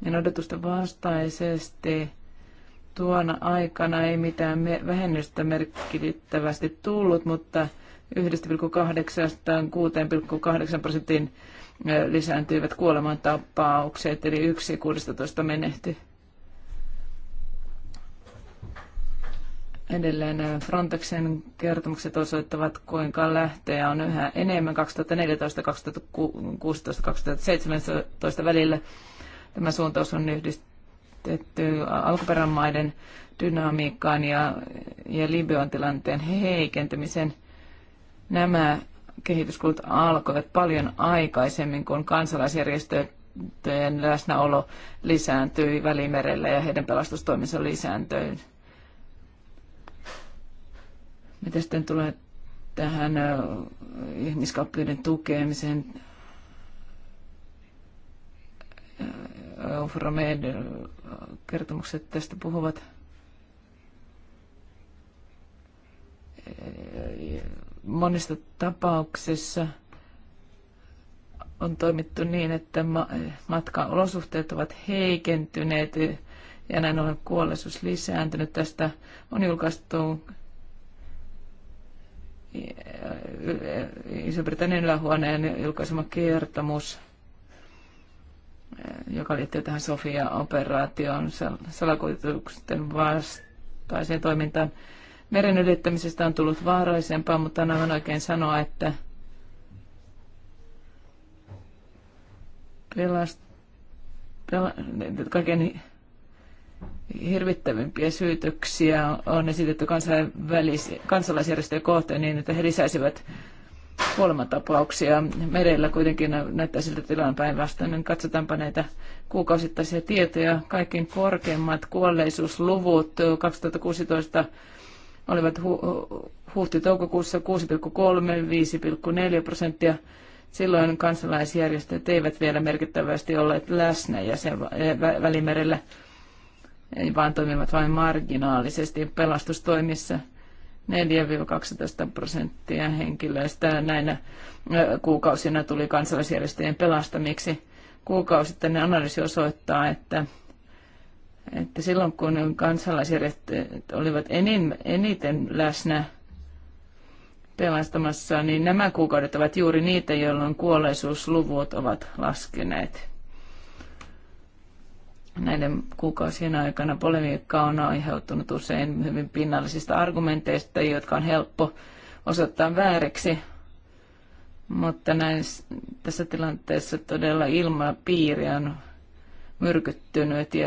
niin odotusten vastaisesti tuona aikana ei mitään vähennystä merkittävästi tullut, mutta 1,8-6,8 prosentin lisääntyivät kuolemantapaukset, eli yksi 16 menehtyi. Edelleen Frontexin kertomukset osoittavat, kuinka lähtejä on yhä enemmän 2014, 2016, 2017 välillä. Tämä suuntaus on yhdistetty alkuperämaiden dynamiikkaan ja, ja Libyan tilanteen heikentymisen. Nämä kehityskulut alkoivat paljon aikaisemmin, kun kansalaisjärjestöjen läsnäolo lisääntyi Välimerellä ja heidän pelastustoiminsa lisääntyi. Mitä sitten tulee tähän ihmiskauppiuden tukemiseen? Euphoromed kertomukset tästä puhuvat monissa tapauksissa on toimittu niin, että matkaolosuhteet ovat heikentyneet ja näin ollen kuolleisuus lisääntynyt. Tästä on julkaistu Iso-Britannian ylähuoneen julkaisema kertomus, joka liittyy tähän Sofia-operaatioon salakuljetusten vastaiseen toimintaan. Meren ylittämisestä on tullut vaarallisempaa, mutta on aivan oikein sanoa, että pelast, pela, kaiken hirvittävimpiä syytöksiä on esitetty kansalaisjärjestöjen kohteen niin, että he lisäisivät kuolematapauksia. Merellä kuitenkin näyttää siltä tilan päinvastainen. Niin katsotaanpa näitä kuukausittaisia tietoja. Kaikkein korkeimmat kuolleisuusluvut 2016 olivat hu- huhti-toukokuussa 6,3-5,4 prosenttia. Silloin kansalaisjärjestöt eivät vielä merkittävästi olleet läsnä jäsen välimerellä, vaan toimivat vain marginaalisesti pelastustoimissa. 4-12 prosenttia henkilöistä näinä kuukausina tuli kansalaisjärjestöjen pelastamiksi. Kuukausittainen analyysi osoittaa, että että silloin kun kansalaisjärjestöt olivat enin, eniten läsnä pelastamassa, niin nämä kuukaudet ovat juuri niitä, jolloin kuolleisuusluvut ovat laskeneet. Näiden kuukausien aikana polemiikka on aiheutunut usein hyvin pinnallisista argumenteista, jotka on helppo osoittaa vääriksi, mutta näissä, tässä tilanteessa todella ilmapiiri on myrkyttynyt ja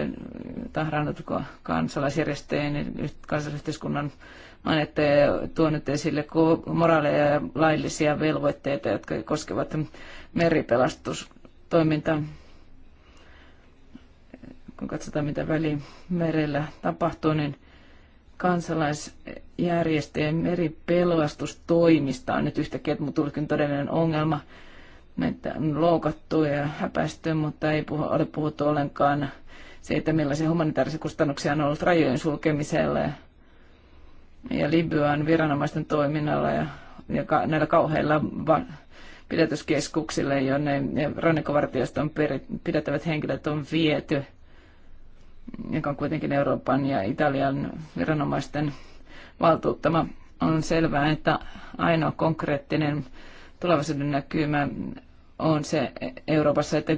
tahrannut kansalaisjärjestöjen kansalaisyhteiskunnan mainetta ja tuonut esille moraaleja ja laillisia velvoitteita, jotka koskevat meripelastustoimintaa. Kun katsotaan, mitä välimerellä tapahtuu, niin kansalaisjärjestöjen meripelastustoimista on nyt yhtäkkiä tullut todellinen ongelma näitä on loukattu ja häpästy, mutta ei puhu, ole puhuttu ollenkaan siitä, millaisia humanitaarisia kustannuksia on ollut rajojen sulkemisella ja, ja Libyan viranomaisten toiminnalla ja, ja ka, näillä kauheilla va, pidätyskeskuksille, jonne rannikkovartioston pidettävät henkilöt on viety, joka on kuitenkin Euroopan ja Italian viranomaisten valtuuttama. On selvää, että ainoa konkreettinen tulevaisuuden näkymä on se Euroopassa, että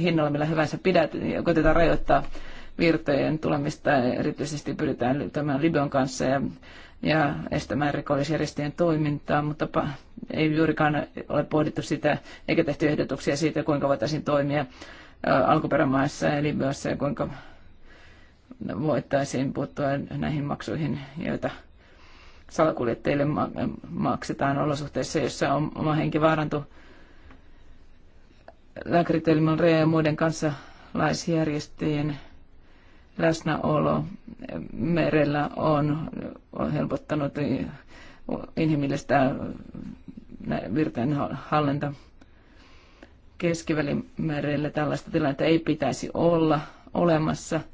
hinnalla millä hyvänsä pidät, koitetaan rajoittaa virtojen tulemista. Erityisesti pyritään tämän Libyan kanssa ja, ja estämään rikollisjärjestöjen toimintaa, mutta ei juurikaan ole pohdittu sitä, eikä tehty ehdotuksia siitä, kuinka voitaisiin toimia alkuperämaissa ja Libyassa ja kuinka voitaisiin puuttua näihin maksuihin, joita salakuljettajille maksetaan olosuhteissa, joissa on oma henki vaarantu. Lääkäritelmän Rea ja muiden kansalaisjärjestöjen läsnäolo merellä on helpottanut inhimillistä virtojen hallinta keskivälimerellä. Tällaista tilannetta ei pitäisi olla olemassa –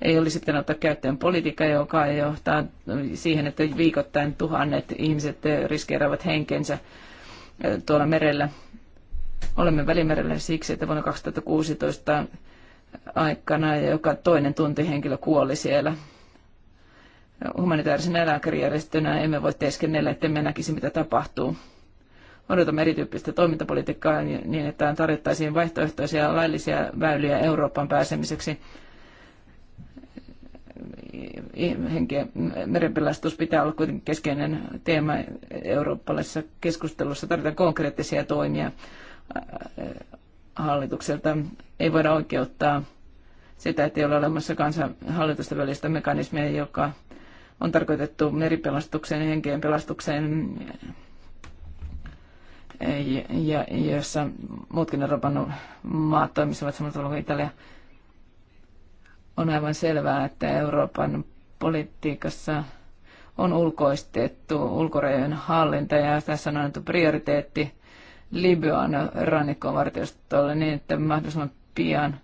ei olisi sitten ottaa käyttöön politiikka, joka johtaa siihen, että viikoittain tuhannet ihmiset riskeeraavat henkensä tuolla merellä. Olemme välimerellä siksi, että vuonna 2016 aikana joka toinen tunti henkilö kuoli siellä. Humanitaarisen eläkärijärjestönä emme voi teeskennellä, että me näkisi mitä tapahtuu. Odotamme erityyppistä toimintapolitiikkaa niin, että tarjottaisiin vaihtoehtoisia laillisia väyliä Euroopan pääsemiseksi henkeä, merenpelastus pitää olla kuitenkin keskeinen teema eurooppalaisessa keskustelussa. Tarvitaan konkreettisia toimia hallitukselta. Ei voida oikeuttaa sitä, että ei ole olemassa kansanhallitusten välistä mekanismia, joka on tarkoitettu meripelastukseen ja henkeen pelastukseen, ja, ja, jossa muutkin Euroopan maat toimisivat samalla tavalla kuin Italia. On aivan selvää, että Euroopan politiikassa on ulkoistettu ulkorajojen hallinta ja tässä on annettu prioriteetti Libyan rannikkoon vartiostolle niin, että mahdollisimman pian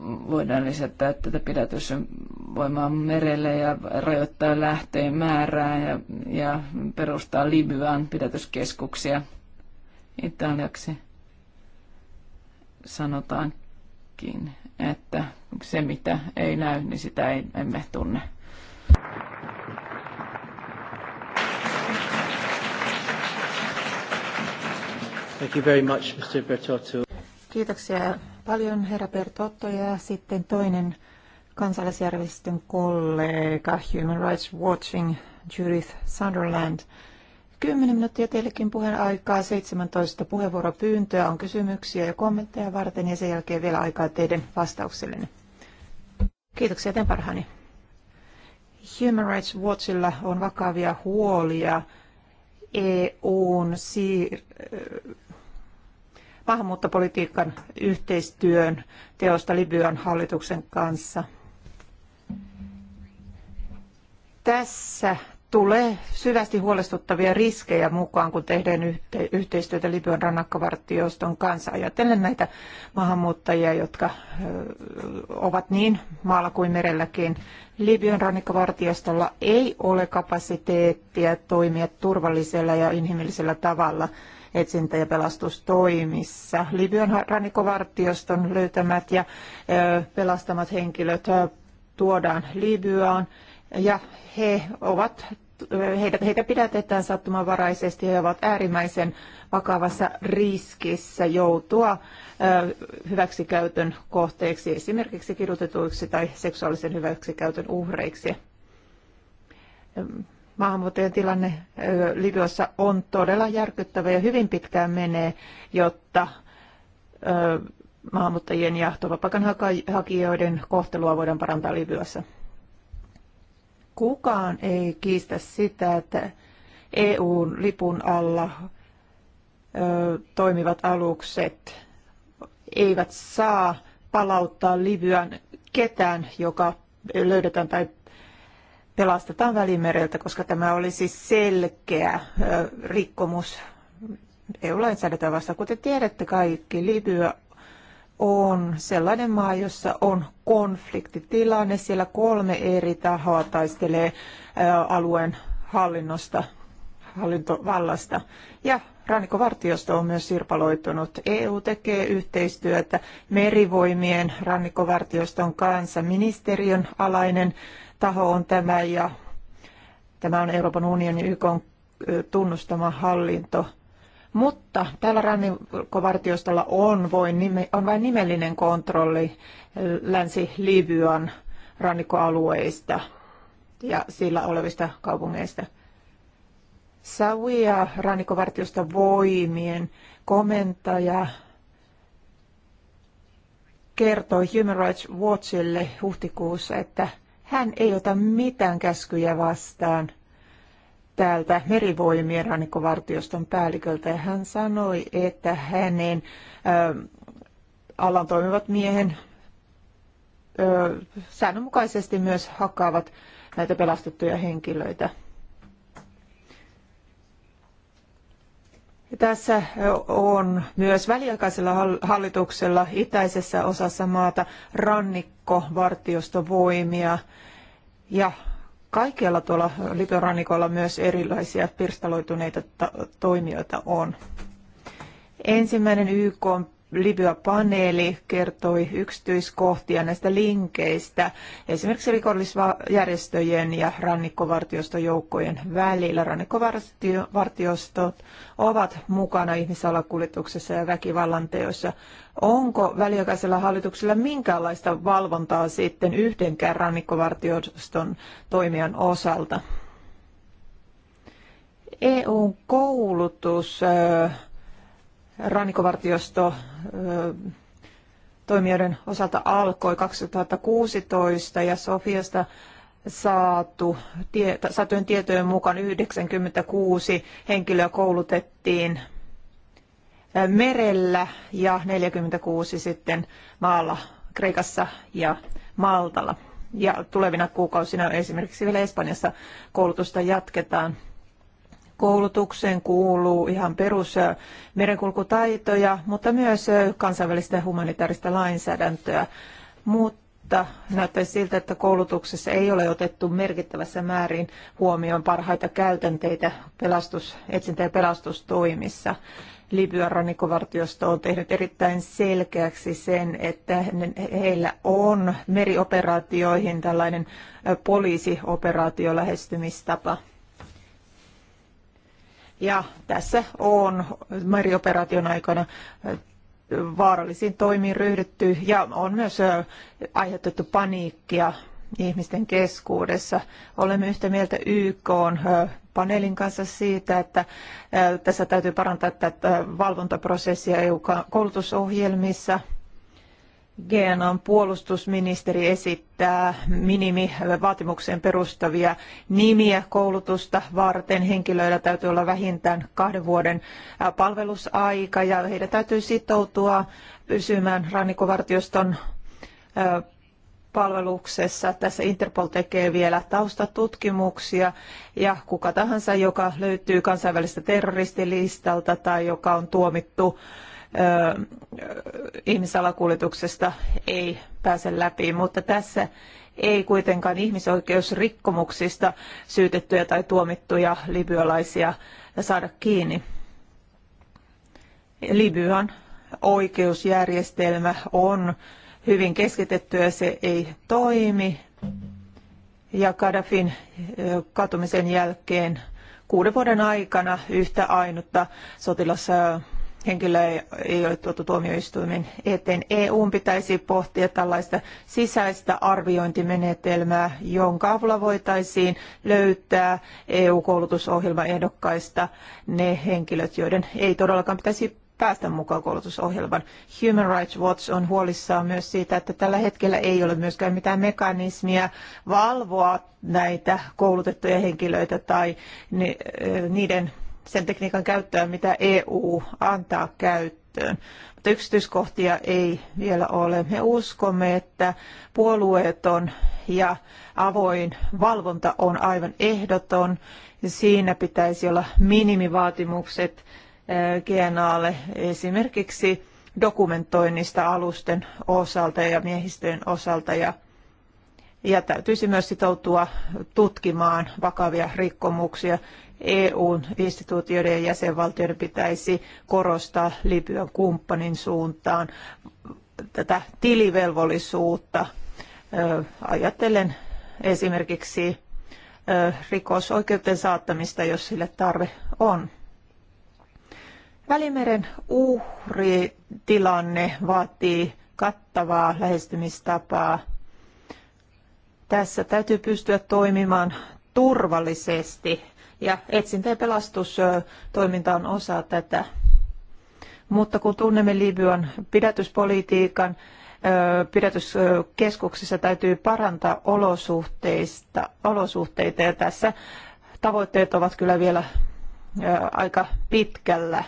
voidaan lisätä tätä pidätysvoimaa merelle ja rajoittaa lähteen määrää ja, ja perustaa Libyan pidätyskeskuksia Italiaksi sanotaankin, että se mitä ei näy, niin sitä ei, emme tunne. Thank you very much, Mr. Bertotto. Kiitoksia paljon, herra Bertotto. Ja sitten toinen kansalaisjärjestön kollega Human Rights Watching, Judith Sunderland. 10 minuuttia teillekin puheen aikaa, 17 puheenvuoropyyntöä on kysymyksiä ja kommentteja varten ja sen jälkeen vielä aikaa teidän vastauksellenne. Kiitoksia, teen parhaani. Human Rights Watchilla on vakavia huolia EUn siir- äh, maahanmuuttopolitiikan yhteistyön teosta Libyan hallituksen kanssa. Tässä tulee syvästi huolestuttavia riskejä mukaan, kun tehdään yhteistyötä Libyan rannakkovartioston kanssa. Ajatellen näitä maahanmuuttajia, jotka ovat niin maalla kuin merelläkin. Libyan rannikkovartiostolla ei ole kapasiteettia toimia turvallisella ja inhimillisellä tavalla etsintä- ja pelastustoimissa. Libyan rannikkovartioston löytämät ja pelastamat henkilöt tuodaan Libyaan ja he ovat heitä, heitä pidätetään sattumanvaraisesti ja he ovat äärimmäisen vakavassa riskissä joutua hyväksikäytön kohteeksi, esimerkiksi kidutetuiksi tai seksuaalisen hyväksikäytön uhreiksi. Maahanmuuttajien tilanne Libyassa on todella järkyttävä ja hyvin pitkään menee, jotta maahanmuuttajien ja turvapaikanhakijoiden kohtelua voidaan parantaa Libyassa. Kukaan ei kiistä sitä, että EUn lipun alla ö, toimivat alukset eivät saa palauttaa Libyan ketään, joka löydetään tai pelastetaan välimereltä, koska tämä olisi selkeä ö, rikkomus EU-lainsäädäntöä vastaan. Kuten tiedätte kaikki, Libya on sellainen maa, jossa on konfliktitilanne. Siellä kolme eri tahoa taistelee alueen hallinnosta, hallintovallasta. Ja rannikkovartiosto on myös sirpaloitunut. EU tekee yhteistyötä merivoimien rannikkovartioston kanssa. Ministeriön alainen taho on tämä ja tämä on Euroopan unionin YK tunnustama hallinto mutta tällä rannikkovartiostolla on, voi, on vain nimellinen kontrolli eh, Länsi-Libyan rannikkoalueista ja sillä olevista kaupungeista. Sawia rannikkovartiosta voimien komentaja kertoi Human Rights Watchille huhtikuussa, että hän ei ota mitään käskyjä vastaan – täältä merivoimien rannikkovartioston päälliköltä ja hän sanoi, että hänen ö, alan toimivat miehen ö, säännönmukaisesti myös hakkaavat näitä pelastettuja henkilöitä. Tässä on myös väliaikaisella hallituksella itäisessä osassa maata rannikkovartiostovoimia ja kaikkialla tuolla litorannikolla myös erilaisia pirstaloituneita toimijoita on. Ensimmäinen YK Libya-paneeli kertoi yksityiskohtia näistä linkeistä esimerkiksi rikollisjärjestöjen ja rannikkovartiostojoukkojen välillä. Rannikkovartiostot ovat mukana ihmisalakuljetuksessa ja väkivallanteossa Onko väliaikaisella hallituksella minkäänlaista valvontaa sitten yhdenkään rannikkovartioston toimijan osalta? EUn koulutus rannikkovartiosto toimijoiden osalta alkoi 2016 ja Sofiasta saatu, tie, saatujen tietojen mukaan 96 henkilöä koulutettiin merellä ja 46 sitten maalla Kreikassa ja Maltalla. Ja tulevina kuukausina esimerkiksi vielä Espanjassa koulutusta jatketaan. Koulutukseen kuuluu ihan perus merenkulkutaitoja, mutta myös kansainvälistä humanitaarista lainsäädäntöä. Mutta näyttäisi siltä, että koulutuksessa ei ole otettu merkittävässä määrin huomioon parhaita käytänteitä pelastus, etsintä- ja pelastustoimissa. Libyan rannikkovartiosto on tehnyt erittäin selkeäksi sen, että heillä on merioperaatioihin tällainen poliisioperaatio lähestymistapa. Ja tässä on merioperaation aikana vaarallisiin toimiin ryhdytty ja on myös aiheutettu paniikkia ihmisten keskuudessa. Olemme yhtä mieltä YK on paneelin kanssa siitä, että tässä täytyy parantaa tätä valvontaprosessia EU-koulutusohjelmissa. Genan puolustusministeri esittää minimivaatimuksen perustavia nimiä koulutusta varten. Henkilöillä täytyy olla vähintään kahden vuoden palvelusaika ja heidän täytyy sitoutua pysymään rannikovartioston palveluksessa. Tässä Interpol tekee vielä taustatutkimuksia ja kuka tahansa, joka löytyy kansainvälistä terroristilistalta tai joka on tuomittu ö, ihmisalakuljetuksesta, ei pääse läpi. Mutta tässä ei kuitenkaan ihmisoikeusrikkomuksista syytettyjä tai tuomittuja libyalaisia saada kiinni. Libyan oikeusjärjestelmä on hyvin keskitettyä, se ei toimi. Ja Gaddafin eh, katumisen jälkeen kuuden vuoden aikana yhtä ainutta sotilassa henkilöä ei ole tuotu tuomioistuimen eteen. EU pitäisi pohtia tällaista sisäistä arviointimenetelmää, jonka avulla voitaisiin löytää eu ehdokkaista ne henkilöt, joiden ei todellakaan pitäisi päästä mukaan koulutusohjelman. Human Rights Watch on huolissaan myös siitä, että tällä hetkellä ei ole myöskään mitään mekanismia valvoa näitä koulutettuja henkilöitä tai niiden sen tekniikan käyttöä, mitä EU antaa käyttöön. Mutta yksityiskohtia ei vielä ole. Me uskomme, että puolueeton ja avoin valvonta on aivan ehdoton. Siinä pitäisi olla minimivaatimukset GNAlle esimerkiksi dokumentoinnista alusten osalta ja miehistöjen osalta ja ja täytyisi myös sitoutua tutkimaan vakavia rikkomuksia. EU-instituutioiden ja jäsenvaltioiden pitäisi korostaa Libyan kumppanin suuntaan tätä tilivelvollisuutta. Ajattelen esimerkiksi rikosoikeuteen saattamista, jos sille tarve on. Välimeren uhritilanne vaatii kattavaa lähestymistapaa. Tässä täytyy pystyä toimimaan turvallisesti ja etsintä- ja pelastustoiminta on osa tätä. Mutta kun tunnemme Libyan pidätyspolitiikan, pidätyskeskuksissa täytyy parantaa olosuhteista, olosuhteita ja tässä tavoitteet ovat kyllä vielä aika pitkällä.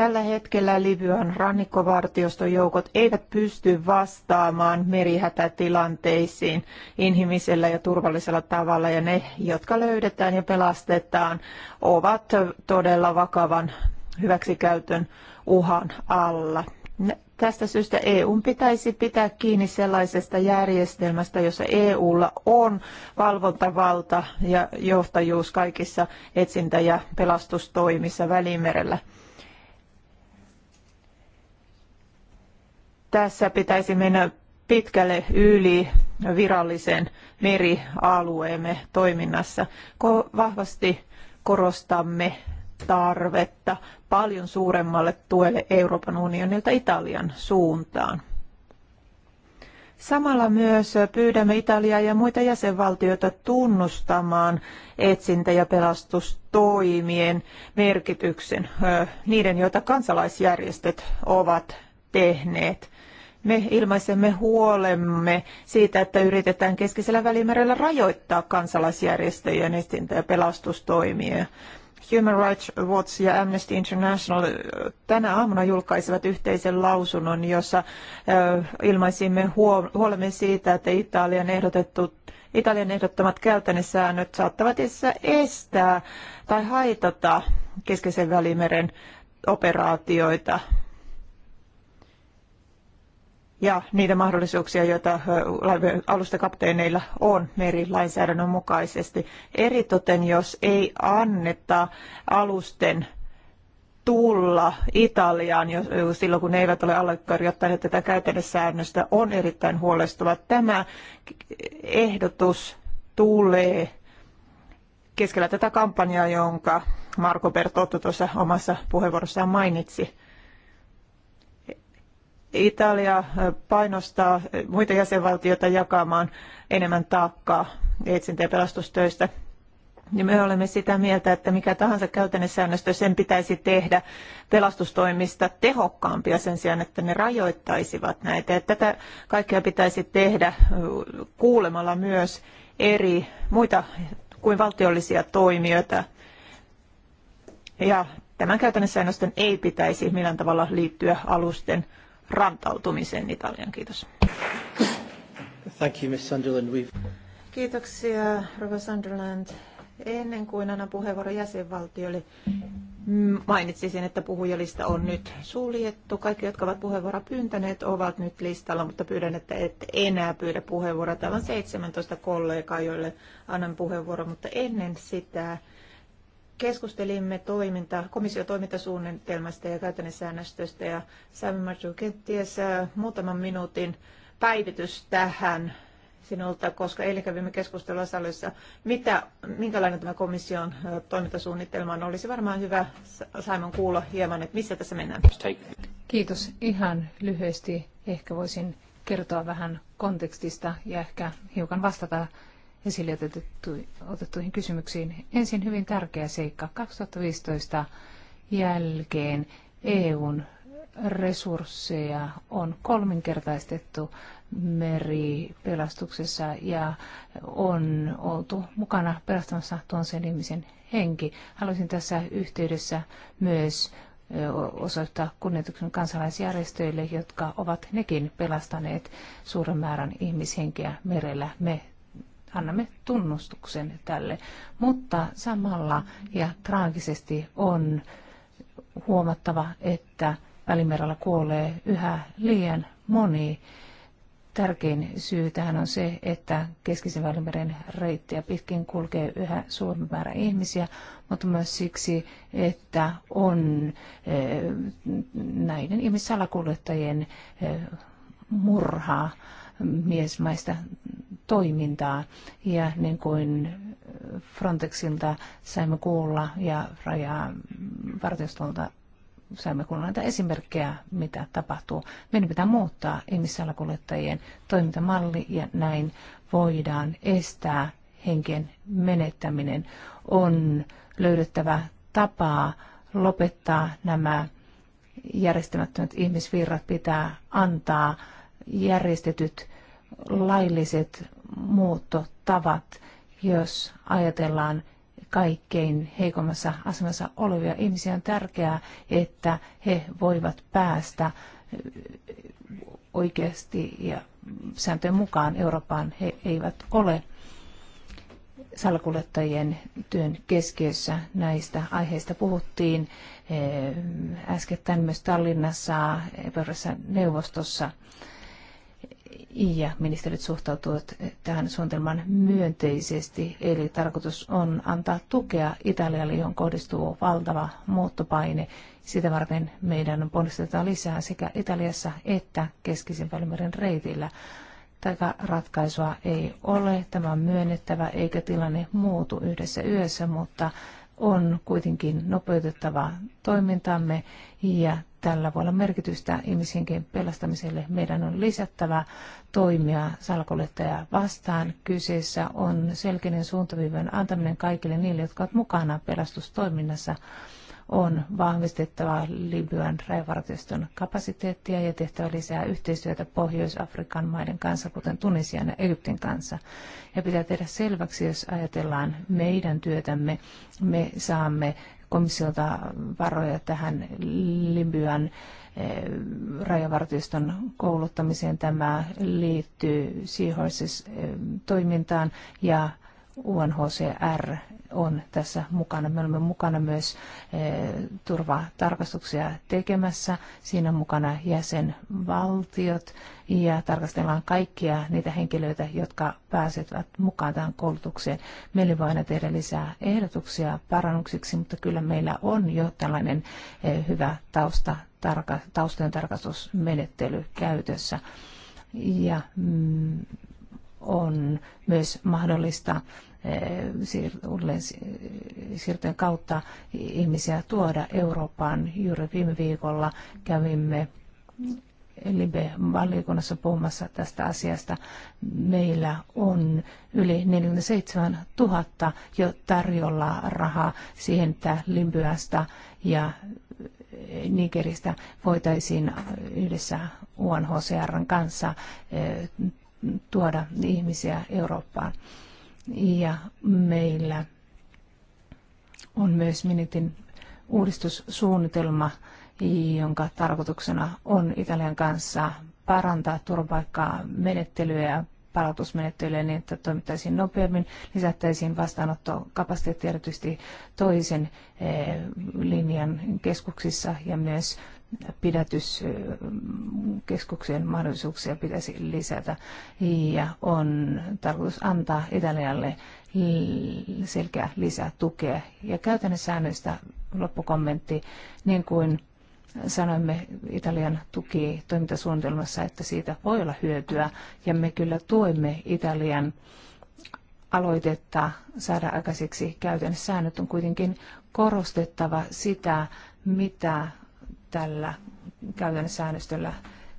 Tällä hetkellä Libyan rannikkovartioston joukot eivät pysty vastaamaan merihätätilanteisiin inhimillisellä ja turvallisella tavalla ja ne, jotka löydetään ja pelastetaan, ovat todella vakavan hyväksikäytön uhan alla. Tästä syystä EU pitäisi pitää kiinni sellaisesta järjestelmästä, jossa EUlla on valvontavalta ja johtajuus kaikissa etsintä- ja pelastustoimissa Välimerellä. tässä pitäisi mennä pitkälle yli virallisen merialueemme toiminnassa. Ko- vahvasti korostamme tarvetta paljon suuremmalle tuelle Euroopan unionilta Italian suuntaan. Samalla myös pyydämme Italiaa ja muita jäsenvaltioita tunnustamaan etsintä- ja pelastustoimien merkityksen, niiden joita kansalaisjärjestöt ovat tehneet me ilmaisemme huolemme siitä, että yritetään keskisellä välimerellä rajoittaa kansalaisjärjestöjen etsintä- ja pelastustoimia. Human Rights Watch ja Amnesty International tänä aamuna julkaisivat yhteisen lausunnon, jossa ilmaisimme huolemme siitä, että Italian ehdotettu Italian ehdottamat käytännössäännöt saattavat estää tai haitata keskeisen välimeren operaatioita ja niitä mahdollisuuksia, joita alustakapteeneilla on merilainsäädännön mukaisesti. Eritoten, jos ei anneta alusten tulla Italiaan jos, silloin, kun ne eivät ole allekirjoittaneet tätä käytännössäännöstä, on erittäin huolestuva. Tämä ehdotus tulee keskellä tätä kampanjaa, jonka Marko Bertotto tuossa omassa puheenvuorossaan mainitsi. Italia eh, painostaa eh, muita jäsenvaltioita jakamaan enemmän taakkaa etsintä- ja pelastustöistä. Niin me olemme sitä mieltä, että mikä tahansa käytännön säännöstö, sen pitäisi tehdä pelastustoimista tehokkaampia sen sijaan, että ne rajoittaisivat näitä. Ja tätä kaikkea pitäisi tehdä eh, kuulemalla myös eri muita kuin valtiollisia toimijoita. Ja tämän käytännön säännösten ei pitäisi millään tavalla liittyä alusten rantautumiseen Italian. Kiitos. Thank you, Ms. Sunderland. We've... Kiitoksia, Rova Sunderland. Ennen kuin annan puheenvuoron jäsenvaltiolle, mm, mainitsisin, että puhujalista on nyt suljettu. Kaikki, jotka ovat puheenvuoroa pyyntäneet, ovat nyt listalla, mutta pyydän, että et enää pyydä puheenvuoroa. Täällä on 17 kollegaa, joille annan puheenvuoron, mutta ennen sitä keskustelimme toiminta, komission toimintasuunnitelmasta ja säännöstöstä ja saimme Marjorie kenties äh, muutaman minuutin päivitys tähän sinulta, koska eilen kävimme keskustelua salissa, mitä, minkälainen tämä komission äh, toimintasuunnitelma on. Olisi varmaan hyvä Saimon kuulla hieman, että missä tässä mennään. Kiitos. Ihan lyhyesti ehkä voisin kertoa vähän kontekstista ja ehkä hiukan vastata esille otettu, otettuihin kysymyksiin. Ensin hyvin tärkeä seikka. 2015 jälkeen EUn resursseja on kolminkertaistettu meripelastuksessa ja on oltu mukana pelastamassa tuon sen ihmisen henki. Haluaisin tässä yhteydessä myös osoittaa kunnioituksen kansalaisjärjestöille, jotka ovat nekin pelastaneet suuren määrän ihmishenkeä merellä. Me annamme tunnustuksen tälle. Mutta samalla ja traagisesti on huomattava, että Välimerellä kuolee yhä liian moni. Tärkein syy tähän on se, että keskisen välimeren reittiä pitkin kulkee yhä suurempi määrä ihmisiä, mutta myös siksi, että on eh, näiden ihmissalakuljettajien eh, murhaa miesmaista toimintaa. Ja niin kuin Frontexilta saimme kuulla ja rajavartiostolta saimme kuulla näitä esimerkkejä, mitä tapahtuu. Meidän pitää muuttaa ihmissalakuljettajien toimintamalli ja näin voidaan estää henken menettäminen. On löydettävä tapaa lopettaa nämä järjestämättömät ihmisvirrat, pitää antaa järjestetyt lailliset muuttotavat, jos ajatellaan kaikkein heikommassa asemassa olevia ihmisiä. On tärkeää, että he voivat päästä oikeasti ja sääntöjen mukaan Eurooppaan. He eivät ole salakuljettajien työn keskiössä näistä aiheista puhuttiin eh, äskettäin myös Tallinnassa neuvostossa ja ministerit suhtautuvat tähän suunnitelmaan myönteisesti. Eli tarkoitus on antaa tukea Italialle, johon kohdistuu valtava muuttopaine. Sitä varten meidän on ponnistetaan lisää sekä Italiassa että keskisen välimeren reitillä. Tätä ratkaisua ei ole, tämä on myönnettävä eikä tilanne muutu yhdessä yössä, mutta on kuitenkin nopeutettava toimintamme ja tällä voi olla merkitystä ihmishenkien pelastamiselle. Meidän on lisättävä toimia salkolettajaa vastaan. Kyseessä on selkeinen suuntaviivan antaminen kaikille niille, jotka ovat mukana pelastustoiminnassa on vahvistettava Libyan rajavartioston kapasiteettia ja tehtävä lisää yhteistyötä Pohjois-Afrikan maiden kanssa, kuten Tunisian ja Egyptin kanssa. Ja pitää tehdä selväksi, jos ajatellaan meidän työtämme, me saamme komissiolta varoja tähän Libyan eh, rajavartioston kouluttamiseen. Tämä liittyy Seahorses-toimintaan eh, ja UNHCR on tässä mukana. Me olemme mukana myös eh, turvatarkastuksia tekemässä. Siinä on mukana jäsenvaltiot ja tarkastellaan kaikkia niitä henkilöitä, jotka pääsevät mukaan tähän koulutukseen. Meillä voi aina tehdä lisää ehdotuksia parannuksiksi, mutta kyllä meillä on jo tällainen eh, hyvä tausta, tarka, taustojen tarkastusmenettely käytössä. Ja mm, on myös mahdollista Eh, uudelleen siirtojen kautta ihmisiä tuoda Eurooppaan. Juuri viime viikolla kävimme Libe-valiokunnassa puhumassa tästä asiasta. Meillä on yli 47 000 jo tarjolla rahaa siihen, että Libyasta ja Nigeristä voitaisiin yhdessä UNHCRn kanssa eh, tuoda ihmisiä Eurooppaan. Ja meillä on myös minitin uudistussuunnitelma, jonka tarkoituksena on Italian kanssa parantaa turvapaikkaa menettelyä ja palautusmenettelyä niin, että toimittaisiin nopeammin, lisättäisiin vastaanottokapasiteettia erityisesti toisen eh, linjan keskuksissa ja myös pidätyskeskuksien mahdollisuuksia pitäisi lisätä ja on tarkoitus antaa Italialle selkeä lisätukea. Ja käytännön säännöistä loppukommentti, niin kuin sanoimme Italian tuki toimintasuunnitelmassa, että siitä voi olla hyötyä ja me kyllä tuemme Italian aloitetta saada aikaiseksi käytännössä säännöt on kuitenkin korostettava sitä, mitä tällä käytännön säännöstöllä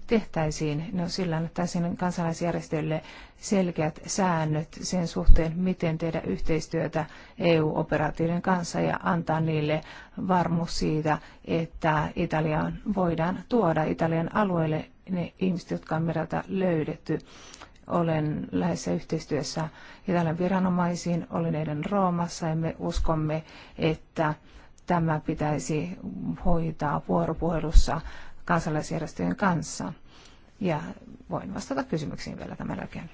tehtäisiin? No sillä annettaisiin kansalaisjärjestöille selkeät säännöt sen suhteen, miten tehdä yhteistyötä EU-operaatioiden kanssa ja antaa niille varmuus siitä, että Italiaan voidaan tuoda Italian alueelle ne ihmiset, jotka on mereltä löydetty. Olen lähes yhteistyössä Italian viranomaisiin, olin eilen Roomassa ja me uskomme, että tämä pitäisi hoitaa vuoropuhelussa kansalaisjärjestöjen kanssa. Ja voin vastata kysymyksiin vielä tämän jälkeen.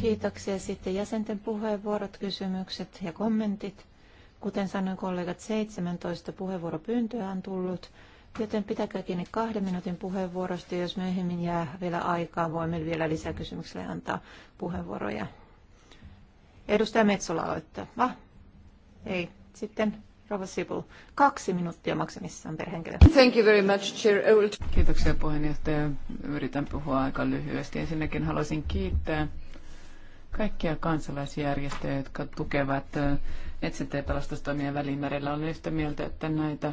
Kiitoksia. Sitten jäsenten puheenvuorot, kysymykset ja kommentit. Kuten sanoin kollegat, 17 puheenvuoropyyntöä on tullut, joten pitäkää kiinni kahden minuutin puheenvuorosta. Jos myöhemmin jää vielä aikaa, voimme vielä lisäkysymyksille antaa puheenvuoroja. Edustaja Metsola aloittaa. Ah, Ei. Sitten Rova kaksi minuuttia maksimissaan per henkilö. Thank you very much, Chair Old. Kiitoksia puheenjohtaja. Yritän puhua aika lyhyesti. Ensinnäkin haluaisin kiittää kaikkia kansalaisjärjestöjä, jotka tukevat etsintä- ja pelastustoimia välimerellä. Olen yhtä mieltä, että näitä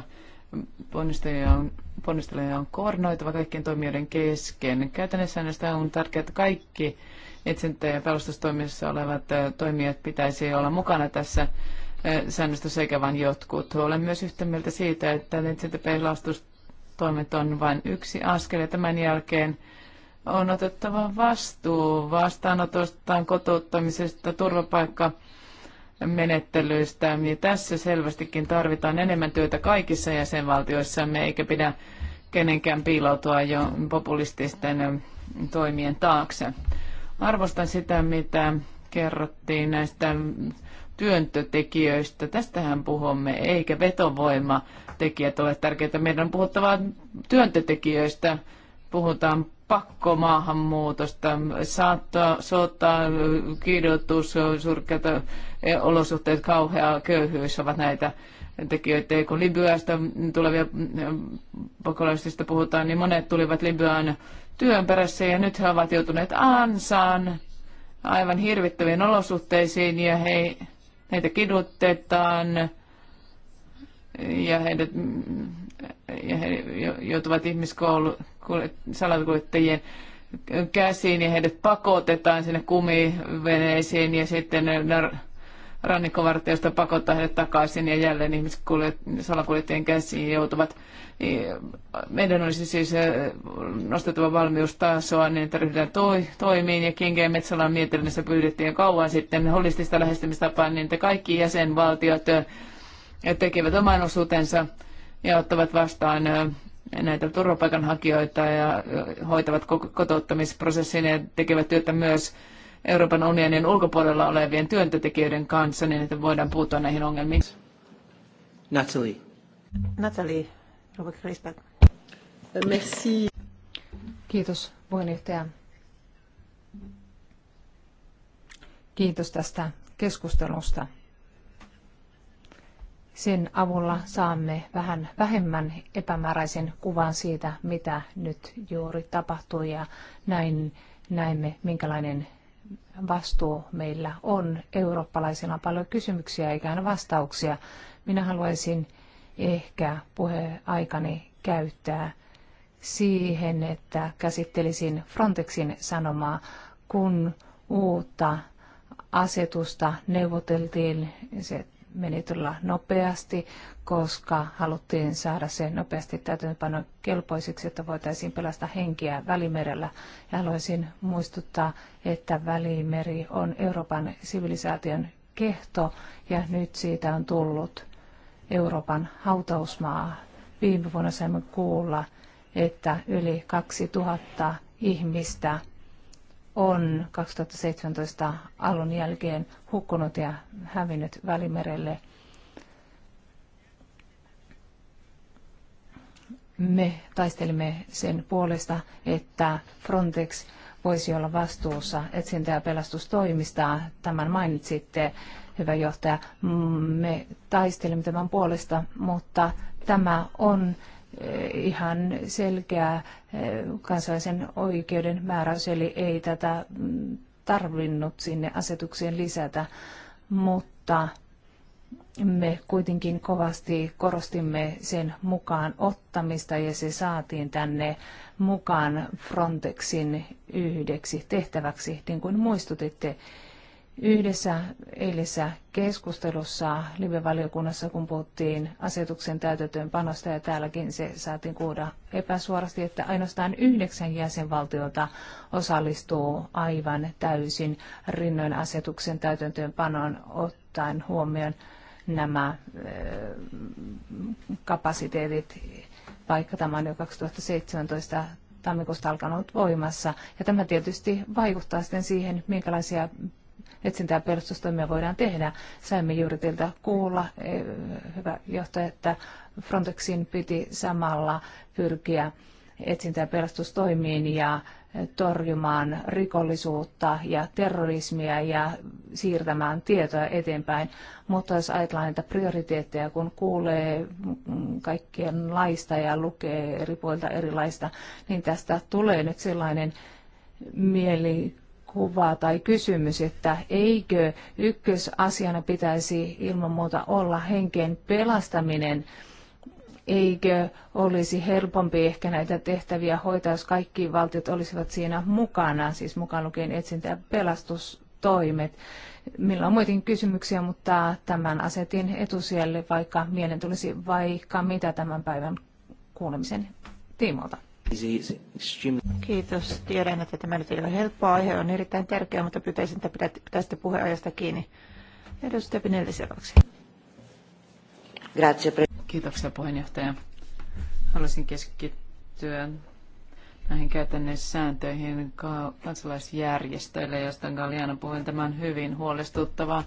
ponnisteluja on, on koordinoitava kaikkien toimijoiden kesken. Käytännössä näistä on tärkeää, että kaikki etsintä- ja pelastustoimissa olevat toimijat pitäisi olla mukana tässä säännöstössä sekä vain jotkut. Olen myös yhtä mieltä siitä, että pelastustoimet on vain yksi askel ja tämän jälkeen on otettava vastuu vastaanotostaan, kotouttamisesta, turvapaikka menettelyistä. Ja tässä selvästikin tarvitaan enemmän työtä kaikissa jäsenvaltioissamme, eikä pidä kenenkään piiloutua jo populististen toimien taakse. Arvostan sitä, mitä kerrottiin näistä työntötekijöistä. Tästähän puhumme, eikä vetovoimatekijät ole tärkeitä. Meidän on puhuttava työntötekijöistä. Puhutaan pakkomaahanmuutosta, saattaa, sotaa, kidutus, surkeat olosuhteet, kauhea köyhyys ovat näitä tekijöitä. kun Libyasta tulevia pakolaisista puhutaan, niin monet tulivat Libyaan työn perässä ja nyt he ovat joutuneet ansaan aivan hirvittäviin olosuhteisiin ja he heitä kidutetaan ja heidät ja he joutuvat ihmiskoulu, käsiin ja heidät pakotetaan sinne kumiveneisiin ja sitten ne rannikkovartijoista pakottaa heidät takaisin ja jälleen ihmissalakuljettajien käsiin joutuvat. E, meidän olisi siis e, nostettava valmiustasoa niin, että ryhdytään toi, toimiin ja Kinkeen Metsälan mietinnössä pyydettiin kauan sitten holistista lähestymistapaa, niin että kaikki jäsenvaltiot e, tekevät oman osuutensa ja ottavat vastaan näitä turvapaikanhakijoita ja hoitavat kotouttamisprosessin ja tekevät työtä myös Euroopan unionin ulkopuolella olevien työntekijöiden kanssa, niin että voidaan puuttua näihin ongelmiin. Natalie. Natalie, Robert Merci. Kiitos puheenjohtaja. Kiitos tästä keskustelusta. Sen avulla saamme vähän vähemmän epämääräisen kuvan siitä, mitä nyt juuri tapahtui ja näin näemme, minkälainen vastuu meillä on. Eurooppalaisilla on paljon kysymyksiä eikä aina vastauksia. Minä haluaisin ehkä puheaikani käyttää siihen, että käsittelisin Frontexin sanomaa, kun uutta asetusta neuvoteltiin, se meni todella nopeasti, koska haluttiin saada se nopeasti täytäntöpano kelpoisiksi, että voitaisiin pelastaa henkiä Välimerellä. Ja haluaisin muistuttaa, että Välimeri on Euroopan sivilisaation kehto ja nyt siitä on tullut Euroopan hautausmaa. Viime vuonna saimme kuulla, että yli 2000 ihmistä – on 2017 alun jälkeen hukkunut ja hävinnyt Välimerelle. Me taistelimme sen puolesta, että Frontex voisi olla vastuussa etsintä- ja pelastustoimista. Tämän mainitsitte, hyvä johtaja. Mm, Me taistelimme tämän puolesta, mutta tämä on Eh, ihan selkeä eh, kansallisen oikeuden määräys, eli ei tätä mm, tarvinnut sinne asetukseen lisätä, mutta me kuitenkin kovasti korostimme sen mukaan ottamista ja se saatiin tänne mukaan Frontexin yhdeksi tehtäväksi, niin kuin muistutitte. Yhdessä eilisessä keskustelussa live-valiokunnassa, kun puhuttiin asetuksen täytäntöönpanosta ja täälläkin se saatiin kuuda epäsuorasti, että ainoastaan yhdeksän jäsenvaltiota osallistuu aivan täysin rinnoin asetuksen täytäntöönpanoon ottaen huomioon nämä eh, kapasiteetit, vaikka tämä on jo 2017 tammikuusta alkanut voimassa. Ja tämä tietysti vaikuttaa sitten siihen, minkälaisia etsintää pelastustoimia voidaan tehdä. Saimme juuri teiltä kuulla, eh, hyvä johtaja, että Frontexin piti samalla pyrkiä etsintä- ja pelastustoimiin ja torjumaan rikollisuutta ja terrorismia ja siirtämään tietoa eteenpäin. Mutta jos ajatellaan niitä prioriteetteja, kun kuulee kaikkien laista ja lukee eri puolilta erilaista, niin tästä tulee nyt sellainen mieli kuvaa tai kysymys, että eikö ykkösasiana pitäisi ilman muuta olla henkeen pelastaminen, eikö olisi helpompi ehkä näitä tehtäviä hoitaa, jos kaikki valtiot olisivat siinä mukana, siis mukaan lukien etsintä- ja pelastustoimet. Millä on muitakin kysymyksiä, mutta tämän asetin etusijalle, vaikka mielen tulisi vaikka mitä tämän päivän kuulemisen tiimoilta. Kiitos. Tiedän, että tämä nyt ei ole helppo aihe, on erittäin tärkeä, mutta pyytäisin, että pidät, pitäisitte puheenajasta kiinni. Edustaja Pinelli seuraavaksi. Kiitoksia puheenjohtaja. Haluaisin keskittyä näihin käytännön sääntöihin kansalaisjärjestöille, joista Galiana puhui. tämän hyvin huolestuttava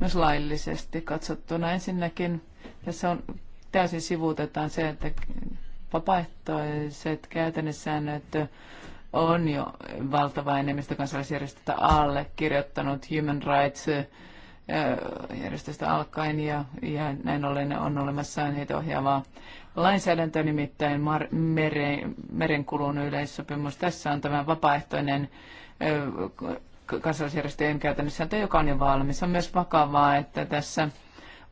myös laillisesti katsottuna. Ensinnäkin tässä on täysin sivuutetaan se, että Vapaaehtoiset käytännössäännöt on jo valtava enemmistö kansalaisjärjestöstä allekirjoittanut Human Rights järjestöstä alkaen ja, ja näin ollen on olemassa heitä ohjaavaa lainsäädäntöä, nimittäin mar- mere, merenkulun yleissopimus. Tässä on tämä vapaaehtoinen kansalaisjärjestöjen käytännössä, joka on jo valmis. On myös vakavaa, että tässä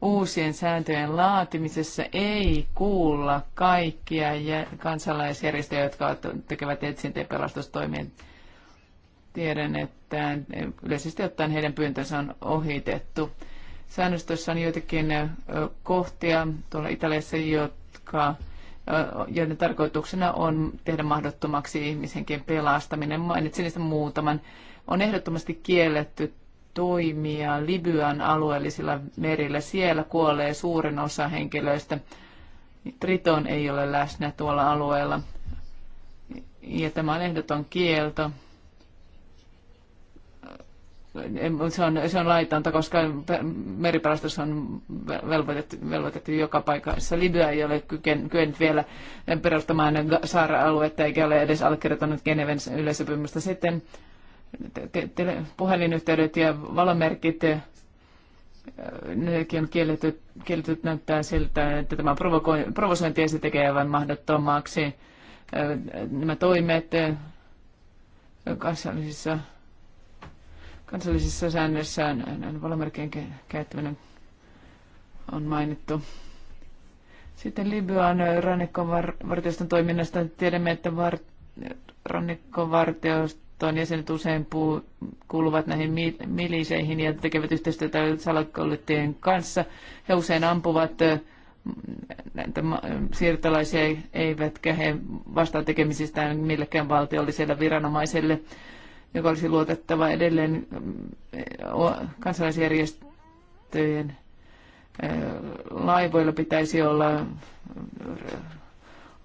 uusien sääntöjen laatimisessa ei kuulla kaikkia kansalaisjärjestöjä, jotka tekevät etsintä- ja pelastustoimien. Tiedän, että yleisesti ottaen heidän pyyntönsä on ohitettu. Säännöstössä on joitakin kohtia tuolla Italiassa, jotka joiden tarkoituksena on tehdä mahdottomaksi ihmisenkin pelastaminen. Mainitsin niistä muutaman. On ehdottomasti kielletty toimia Libyan alueellisilla merillä. Siellä kuolee suurin osa henkilöistä. Triton ei ole läsnä tuolla alueella. Ja tämä on ehdoton kielto. Se on, se on laitonta, koska meripelastus on velvoitettu, velvoitettu joka paikassa. Libya ei ole kyennyt vielä perustamaan saara-aluetta eikä ole edes allekirjoittanut Geneven yleisöpymystä. Sitten puhelinyhteydet ja valomerkit, äh, nekin on kielletty, kielletty näyttää siltä, että tämä provosointi se tekee aivan mahdottomaksi. Äh, nämä toimet äh, kansallisissa, kansallisissa säännöissä valomerkien käyttäminen on mainittu. Sitten Libyan rannikkovartioston toiminnasta tiedämme, että var, rannikkovartioston ja Naton nyt usein puu, kuuluvat näihin mi- miliseihin ja tekevät yhteistyötä salakollettien kanssa. He usein ampuvat näitä siirtolaisia, eivätkä he vastaa tekemisistään millekään valtiolliselle viranomaiselle, joka olisi luotettava edelleen kansalaisjärjestöjen laivoilla pitäisi olla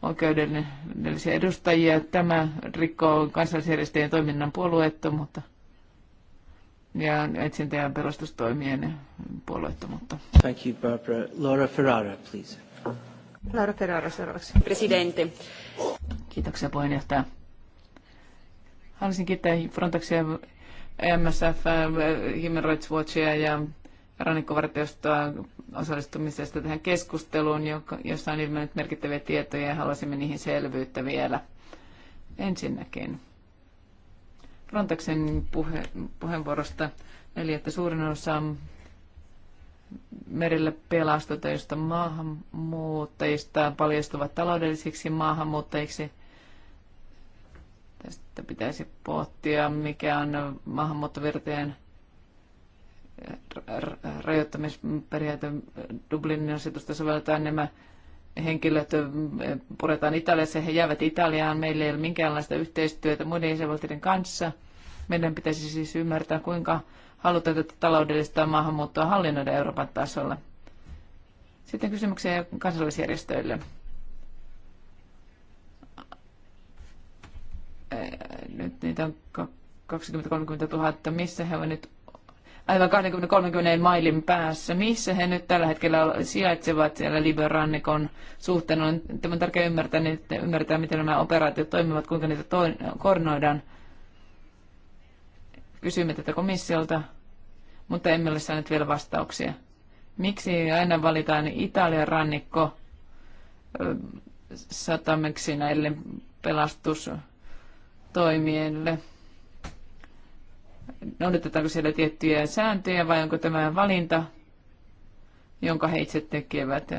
oikeudellisia edustajia. Tämä rikkoo kansallisjärjestöjen toiminnan puolueettomuutta ja etsintä- ja pelastustoimien puolueettomuutta. Thank you, Barbara. Laura Ferrara, please. Laura Ferrara seuraavaksi. Presidente. Kiitoksia puheenjohtaja. Haluaisin kiittää Frontexia, MSF, Human Rights Watchia ja rannikkovartiostoa osallistumisesta tähän keskusteluun, jossa on ilmennyt merkittäviä tietoja ja haluaisimme niihin selvyyttä vielä. Ensinnäkin Frontexin puhe, puheenvuorosta, eli että suurin osa merillä pelastuteista maahanmuuttajista paljastuvat taloudellisiksi maahanmuuttajiksi. Tästä pitäisi pohtia, mikä on maahanmuuttovirtojen rajoittamisperiaate Dublinin asetusta sovelletaan nämä henkilöt puretaan Italiassa, he jäävät Italiaan, meillä ei ole minkäänlaista yhteistyötä muiden jäsenvaltioiden kanssa. Meidän pitäisi siis ymmärtää, kuinka halutaan tätä taloudellista maahanmuuttoa hallinnoida Euroopan tasolla. Sitten kysymyksiä kansalaisjärjestöille. Nyt niitä on 20-30 000. Missä he ovat nyt aivan 20-30 mailin päässä. Missä he nyt tällä hetkellä sijaitsevat siellä Libyan rannikon suhteen? On tämän tärkeä ymmärtää, niin että ymmärtää, miten nämä operaatiot toimivat, kuinka niitä to- koordinoidaan. Kysymme tätä komissiolta, mutta emme ole saaneet vielä vastauksia. Miksi aina valitaan Italian rannikko satameksi näille pelastustoimijoille? noudatetaanko siellä tiettyjä sääntöjä vai onko tämä valinta, jonka he itse tekevät.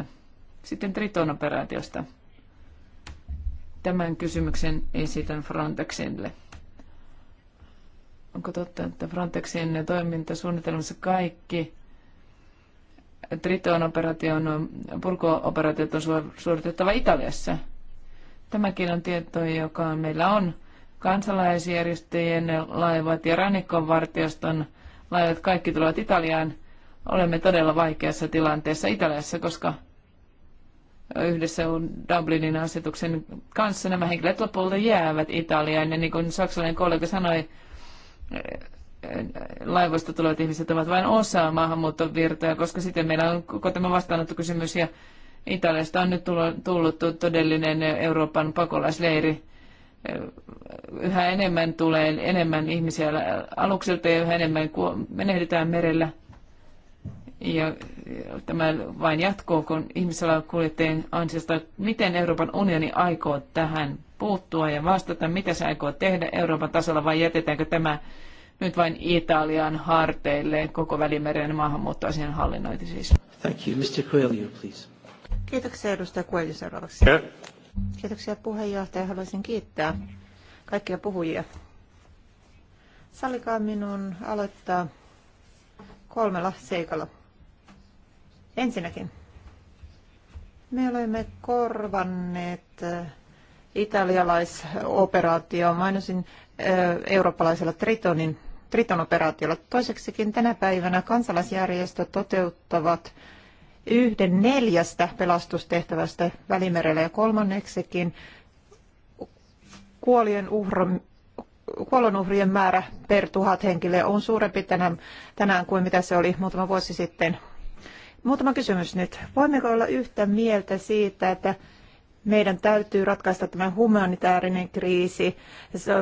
Sitten Triton-operaatiosta. Tämän kysymyksen esitän Frontexille. Onko totta, että Frontexin toimintasuunnitelmassa kaikki Triton-operaation purko-operaatiot on suoritettava Italiassa? Tämäkin on tieto, joka meillä on kansalaisjärjestöjen laivat ja rannikkovartioston laivat kaikki tulevat Italiaan. Olemme todella vaikeassa tilanteessa Italiassa, koska yhdessä Dublinin asetuksen kanssa nämä henkilöt lopulta jäävät Italiaan. Ja niin kuin saksalainen kollega sanoi, laivoista tulevat ihmiset ovat vain osa maahanmuuttovirtoja, koska sitten meillä on koko tämä vastaanottokysymys ja Italiasta on nyt tullut todellinen Euroopan pakolaisleiri yhä enemmän tulee enemmän ihmisiä aluksilta ja yhä enemmän menehdytään merellä. Ja tämä vain jatkuu, kun ihmisalakuljettajien ansiosta, miten Euroopan unioni aikoo tähän puuttua ja vastata, mitä se aikoo tehdä Euroopan tasolla vai jätetäänkö tämä nyt vain Italian harteille koko välimeren maahanmuuttoasian hallinnointi siis. Thank you. Mr. Coelho, please. Kiitoksia edustaja Coelho seuraavaksi. Yeah. Kiitoksia puheenjohtaja. Haluaisin kiittää kaikkia puhujia. Sallikaa minun aloittaa kolmella seikalla. Ensinnäkin, me olemme korvanneet eh, italialaisoperaatio, mainosin eh, eurooppalaisella Tritonin, Triton operaatiolla. Toiseksikin tänä päivänä kansalaisjärjestöt toteuttavat yhden neljästä pelastustehtävästä Välimerellä ja kolmanneksikin kuolien uhron, kuolonuhrien määrä per tuhat henkilöä on suurempi tänään, tänään kuin mitä se oli muutama vuosi sitten. Muutama kysymys nyt. Voimmeko olla yhtä mieltä siitä, että meidän täytyy ratkaista tämä humanitaarinen kriisi,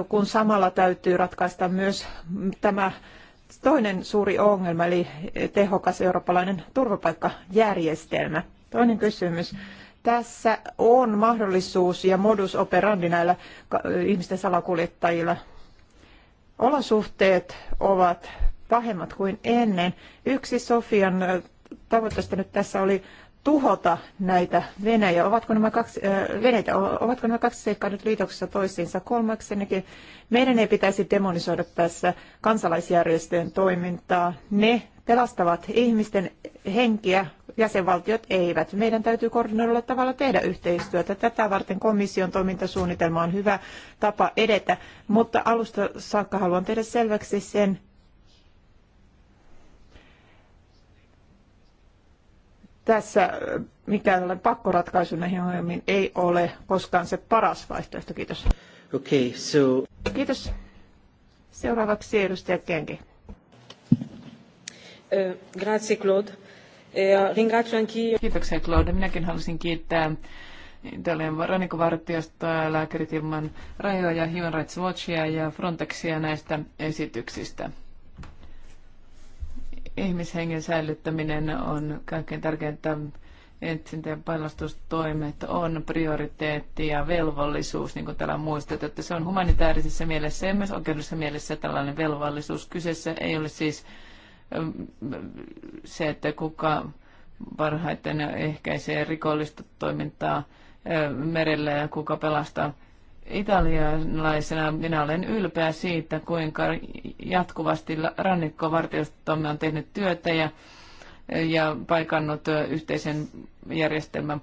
kun samalla täytyy ratkaista myös tämä toinen suuri ongelma, eli tehokas eurooppalainen turvapaikkajärjestelmä. Toinen kysymys. Tässä on mahdollisuus ja modus operandi näillä ihmisten salakuljettajilla. Olosuhteet ovat pahemmat kuin ennen. Yksi Sofian tavoitteista nyt tässä oli tuhota näitä Venäjä. Ovatko nämä kaksi, äh, Venäjä, ovatko nämä kaksi seikkaa nyt liitoksessa toisiinsa? Kolmaksenekin meidän ei pitäisi demonisoida tässä kansalaisjärjestöjen toimintaa. Ne pelastavat ihmisten henkiä, jäsenvaltiot eivät. Meidän täytyy koordinoidulla tavalla tehdä yhteistyötä. Tätä varten komission toimintasuunnitelma on hyvä tapa edetä, mutta alusta saakka haluan tehdä selväksi sen, tässä äh, mikään pakkoratkaisu näihin ongelmiin ei ole koskaan se paras vaihtoehto. Kiitos. Okay, so... Kiitos. Seuraavaksi edustaja Kenki. grazie Claude. E, Kiitoksia Claude. Minäkin halusin kiittää Italian rannikkovartiosta, lääkärit ilman rajoja, Human Rights Watchia ja Frontexia näistä esityksistä ihmishengen säilyttäminen on kaikkein tärkeintä. Etsintä- ja pelastustoimet on prioriteetti ja velvollisuus, niin kuin täällä muistat, että se on humanitaarisessa mielessä ja myös oikeudellisessa mielessä tällainen velvollisuus. Kyseessä ei ole siis mm, se, että kuka parhaiten ehkäisee rikollista toimintaa merellä ja kuka pelastaa Italialaisena minä olen ylpeä siitä, kuinka jatkuvasti rannikkovartiostomme on tehnyt työtä ja, ja paikannut yhteisen järjestelmän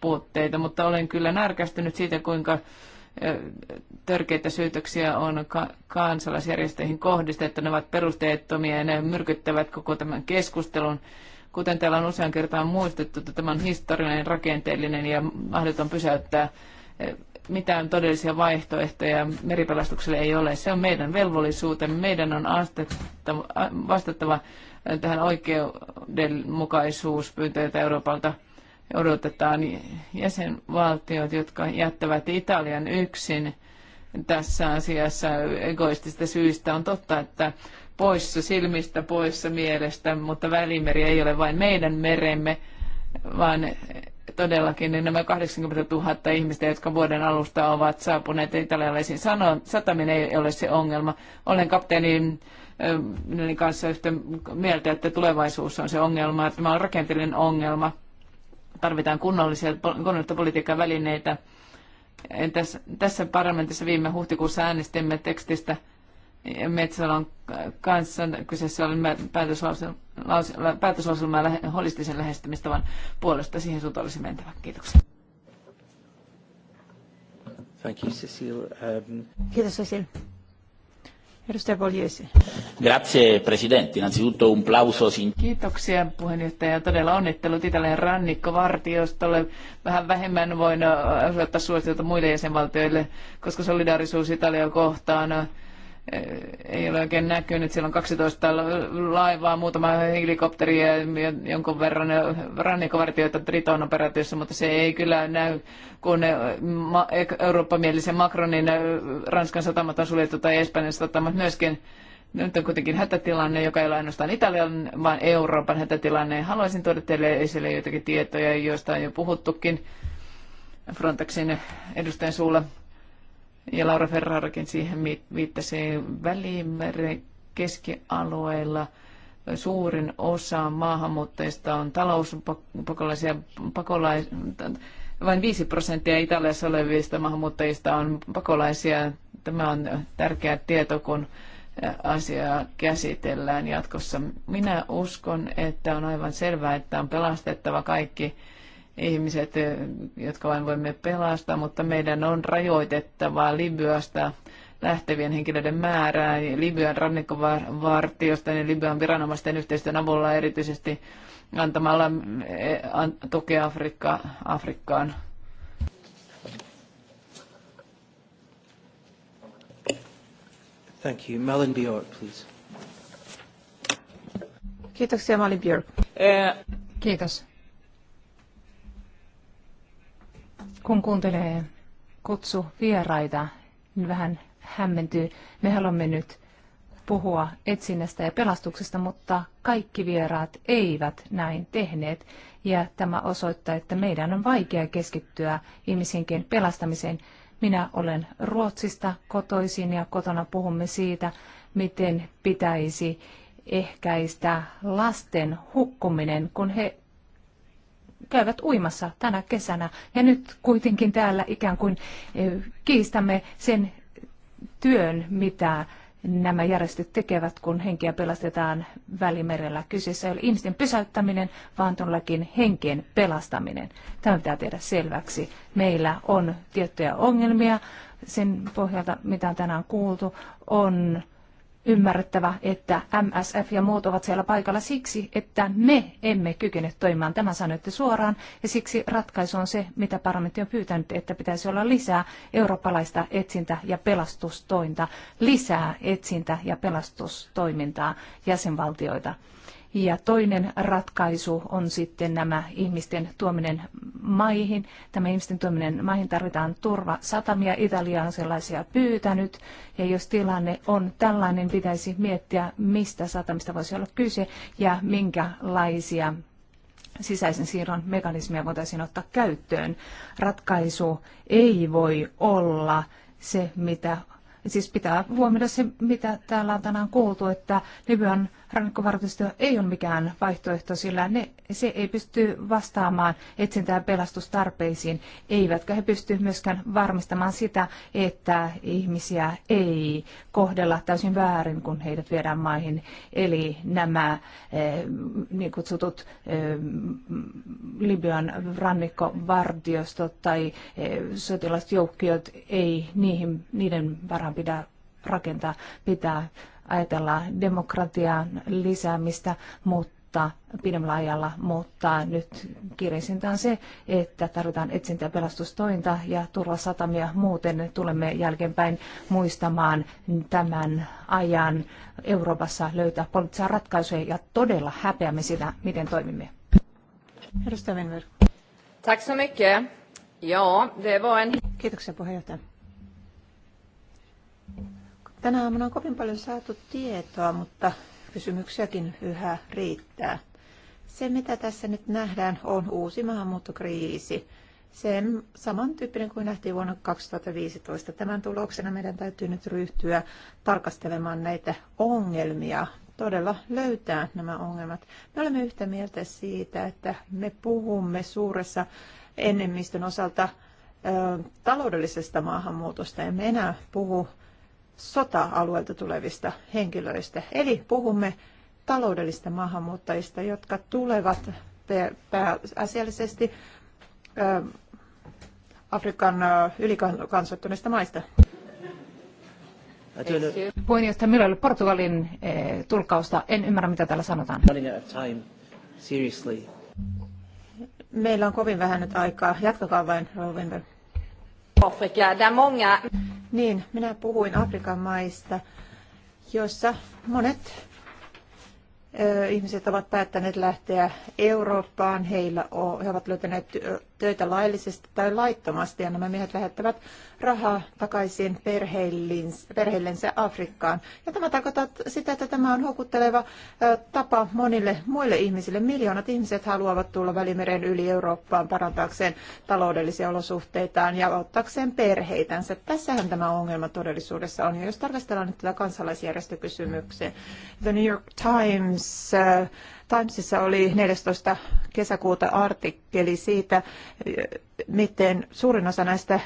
puutteita, mutta olen kyllä närkästynyt siitä, kuinka törkeitä syytöksiä on ka- kansalaisjärjestöihin kohdistettu. Ne ovat perusteettomia ja ne myrkyttävät koko tämän keskustelun. Kuten täällä on usean kertaan muistettu, että tämä on historiallinen, rakenteellinen ja mahdoton pysäyttää mitään todellisia vaihtoehtoja meripelastukselle ei ole. Se on meidän velvollisuutemme. Meidän on vastattava tähän oikeudenmukaisuuspyyntöön, jota Euroopalta odotetaan. Jäsenvaltiot, jotka jättävät Italian yksin tässä asiassa egoistista syistä, on totta, että poissa silmistä, poissa mielestä, mutta Välimeri ei ole vain meidän meremme, vaan todellakin niin nämä 80 000 ihmistä, jotka vuoden alusta ovat saapuneet italialaisiin sataminen ei ole se ongelma. Olen kapteenin kanssa yhtä mieltä, että tulevaisuus on se ongelma. että Tämä on rakenteellinen ongelma. Tarvitaan kunnollisia, kunnollista politiikan välineitä. Tässä, tässä parlamentissa viime huhtikuussa äänestimme tekstistä – Metsolan kanssa. Kyseessä oli päätöslauselma holistisen lähestymistavan puolesta. Siihen suuntaan olisi mentävä. Kiitoksia. Thank you, Cecil. Um... Kiitos, Cecil. Edustaja Poljeesi. Grazie, presidentti. Innanzitutto un plauso. Kiitoksia, puheenjohtaja. Todella onnittelut Italian rannikkovartiostolle. Vähän vähemmän voin äh, osoittaa suosiota muille jäsenvaltioille, koska solidaarisuus Italiaa kohtaan ei ole oikein näkynyt. Siellä on 12 laivaa, muutama helikopteri ja jonkun verran rannikkovartioita Triton operaatiossa, mutta se ei kyllä näy, kun e, Eurooppa-mielisen Macronin Ranskan satamat on suljettu tai Espanjan satamat myöskin. Nyt on kuitenkin hätätilanne, joka ei ole ainoastaan Italian, vaan Euroopan hätätilanne. Haluaisin tuoda teille esille joitakin tietoja, joista on jo puhuttukin Frontexin edustajan suulla ja Laura Ferrarakin siihen viittasi, Välimeren keskialueella suurin osa maahanmuuttajista on talouspakolaisia, pakolais, vain 5 prosenttia Italiassa olevista maahanmuuttajista on pakolaisia. Tämä on tärkeä tieto, kun asiaa käsitellään jatkossa. Minä uskon, että on aivan selvää, että on pelastettava kaikki ihmiset, eh, jotka vain voimme pelastaa, mutta meidän on rajoitettava Libyasta lähtevien henkilöiden määrää Libyan rannikkovartiosta ja Libyan viranomaisten yhteistyön avulla erityisesti antamalla eh, tukea Afrikka, Afrikkaan. Thank you. Malin Björk, please. Kiitoksia, Malin Björk. Eh. Kiitos. Kun kuuntelee kutsu vieraita, niin vähän hämmentyy. Me haluamme nyt puhua etsinnästä ja pelastuksesta, mutta kaikki vieraat eivät näin tehneet. Ja tämä osoittaa, että meidän on vaikea keskittyä ihmisenkin pelastamiseen. Minä olen Ruotsista kotoisin ja kotona puhumme siitä, miten pitäisi ehkäistä lasten hukkuminen, kun he käyvät uimassa tänä kesänä. Ja nyt kuitenkin täällä ikään kuin eh, kiistämme sen työn, mitä nämä järjestöt tekevät, kun henkiä pelastetaan välimerellä. Kyseessä ei ole ihmisten pysäyttäminen, vaan todellakin henkien pelastaminen. Tämä pitää tehdä selväksi. Meillä on tiettyjä ongelmia sen pohjalta, mitä on tänään kuultu. On ymmärrettävä, että MSF ja muut ovat siellä paikalla siksi, että me emme kykene toimimaan. Tämä sanoitte suoraan ja siksi ratkaisu on se, mitä parlamentti on pyytänyt, että pitäisi olla lisää eurooppalaista etsintä- ja pelastustointa, lisää etsintä- ja pelastustoimintaa jäsenvaltioita ja toinen ratkaisu on sitten nämä ihmisten tuominen maihin. Tämä ihmisten tuominen maihin tarvitaan turva. Satamia Italia on sellaisia pyytänyt. Ja jos tilanne on tällainen, pitäisi miettiä, mistä satamista voisi olla kyse ja minkälaisia sisäisen siirron mekanismia voitaisiin ottaa käyttöön. Ratkaisu ei voi olla se, mitä, siis pitää huomioida se, mitä täällä on tänään kuultu, että Libyan rannikkovartisto ei ole mikään vaihtoehto, sillä ne, se ei pysty vastaamaan etsintä- ja pelastustarpeisiin, eivätkä he pysty myöskään varmistamaan sitä, että ihmisiä ei kohdella täysin väärin, kun heidät viedään maihin. Eli nämä eh, niin kutsutut eh, Libyan rannikkovartiostot tai eh, sotilasjoukkiot, ei niihin, niiden varaan pidä rakentaa, pitää ajatellaan demokratian lisäämistä, mutta pidemmällä ajalla, mutta nyt kirjaisinta on se, että tarvitaan etsintä- ja pelastustointa ja turvasatamia. Muuten tulemme jälkeenpäin muistamaan tämän ajan Euroopassa löytää poliittisia ratkaisuja ja todella häpeämme sitä, miten toimimme. Edustaja Venver. Tack så mycket. Ja, det var en... Kiitoksia puheenjohtaja. Tänä aamuna on kovin paljon saatu tietoa, mutta kysymyksiäkin yhä riittää. Se, mitä tässä nyt nähdään, on uusi maahanmuuttokriisi. Se samantyyppinen kuin nähtiin vuonna 2015. Tämän tuloksena meidän täytyy nyt ryhtyä tarkastelemaan näitä ongelmia, todella löytää nämä ongelmat. Me olemme yhtä mieltä siitä, että me puhumme suuressa enemmistön osalta ö, taloudellisesta maahanmuutosta. me enää puhu sota-alueelta tulevista henkilöistä. Eli puhumme taloudellista maahanmuuttajista, jotka tulevat pääasiallisesti Afrikan ylikansoittuneista maista. Puheenjohtaja Miller, Portugalin tulkausta. En ymmärrä, mitä täällä sanotaan. Meillä on kovin vähän nyt aikaa. Jatkakaa vain, Rovinberg. Niin, minä puhuin Afrikan maista, joissa monet ihmiset ovat päättäneet lähteä Eurooppaan. Heillä on, he ovat löytäneet töitä laillisesti tai laittomasti ja nämä miehet lähettävät rahaa takaisin perheillensä Afrikkaan. Ja tämä tarkoittaa sitä, että tämä on houkutteleva tapa monille muille ihmisille. Miljoonat ihmiset haluavat tulla Välimeren yli Eurooppaan parantaakseen taloudellisia olosuhteitaan ja auttaakseen perheitänsä. Tässähän tämä ongelma todellisuudessa on. Ja jos tarkastellaan nyt tätä kansalaisjärjestökysymykseen, The New York Times Timesissa oli neljätoista kesäkuuta artikkeli siitä, miten suurin osa näistä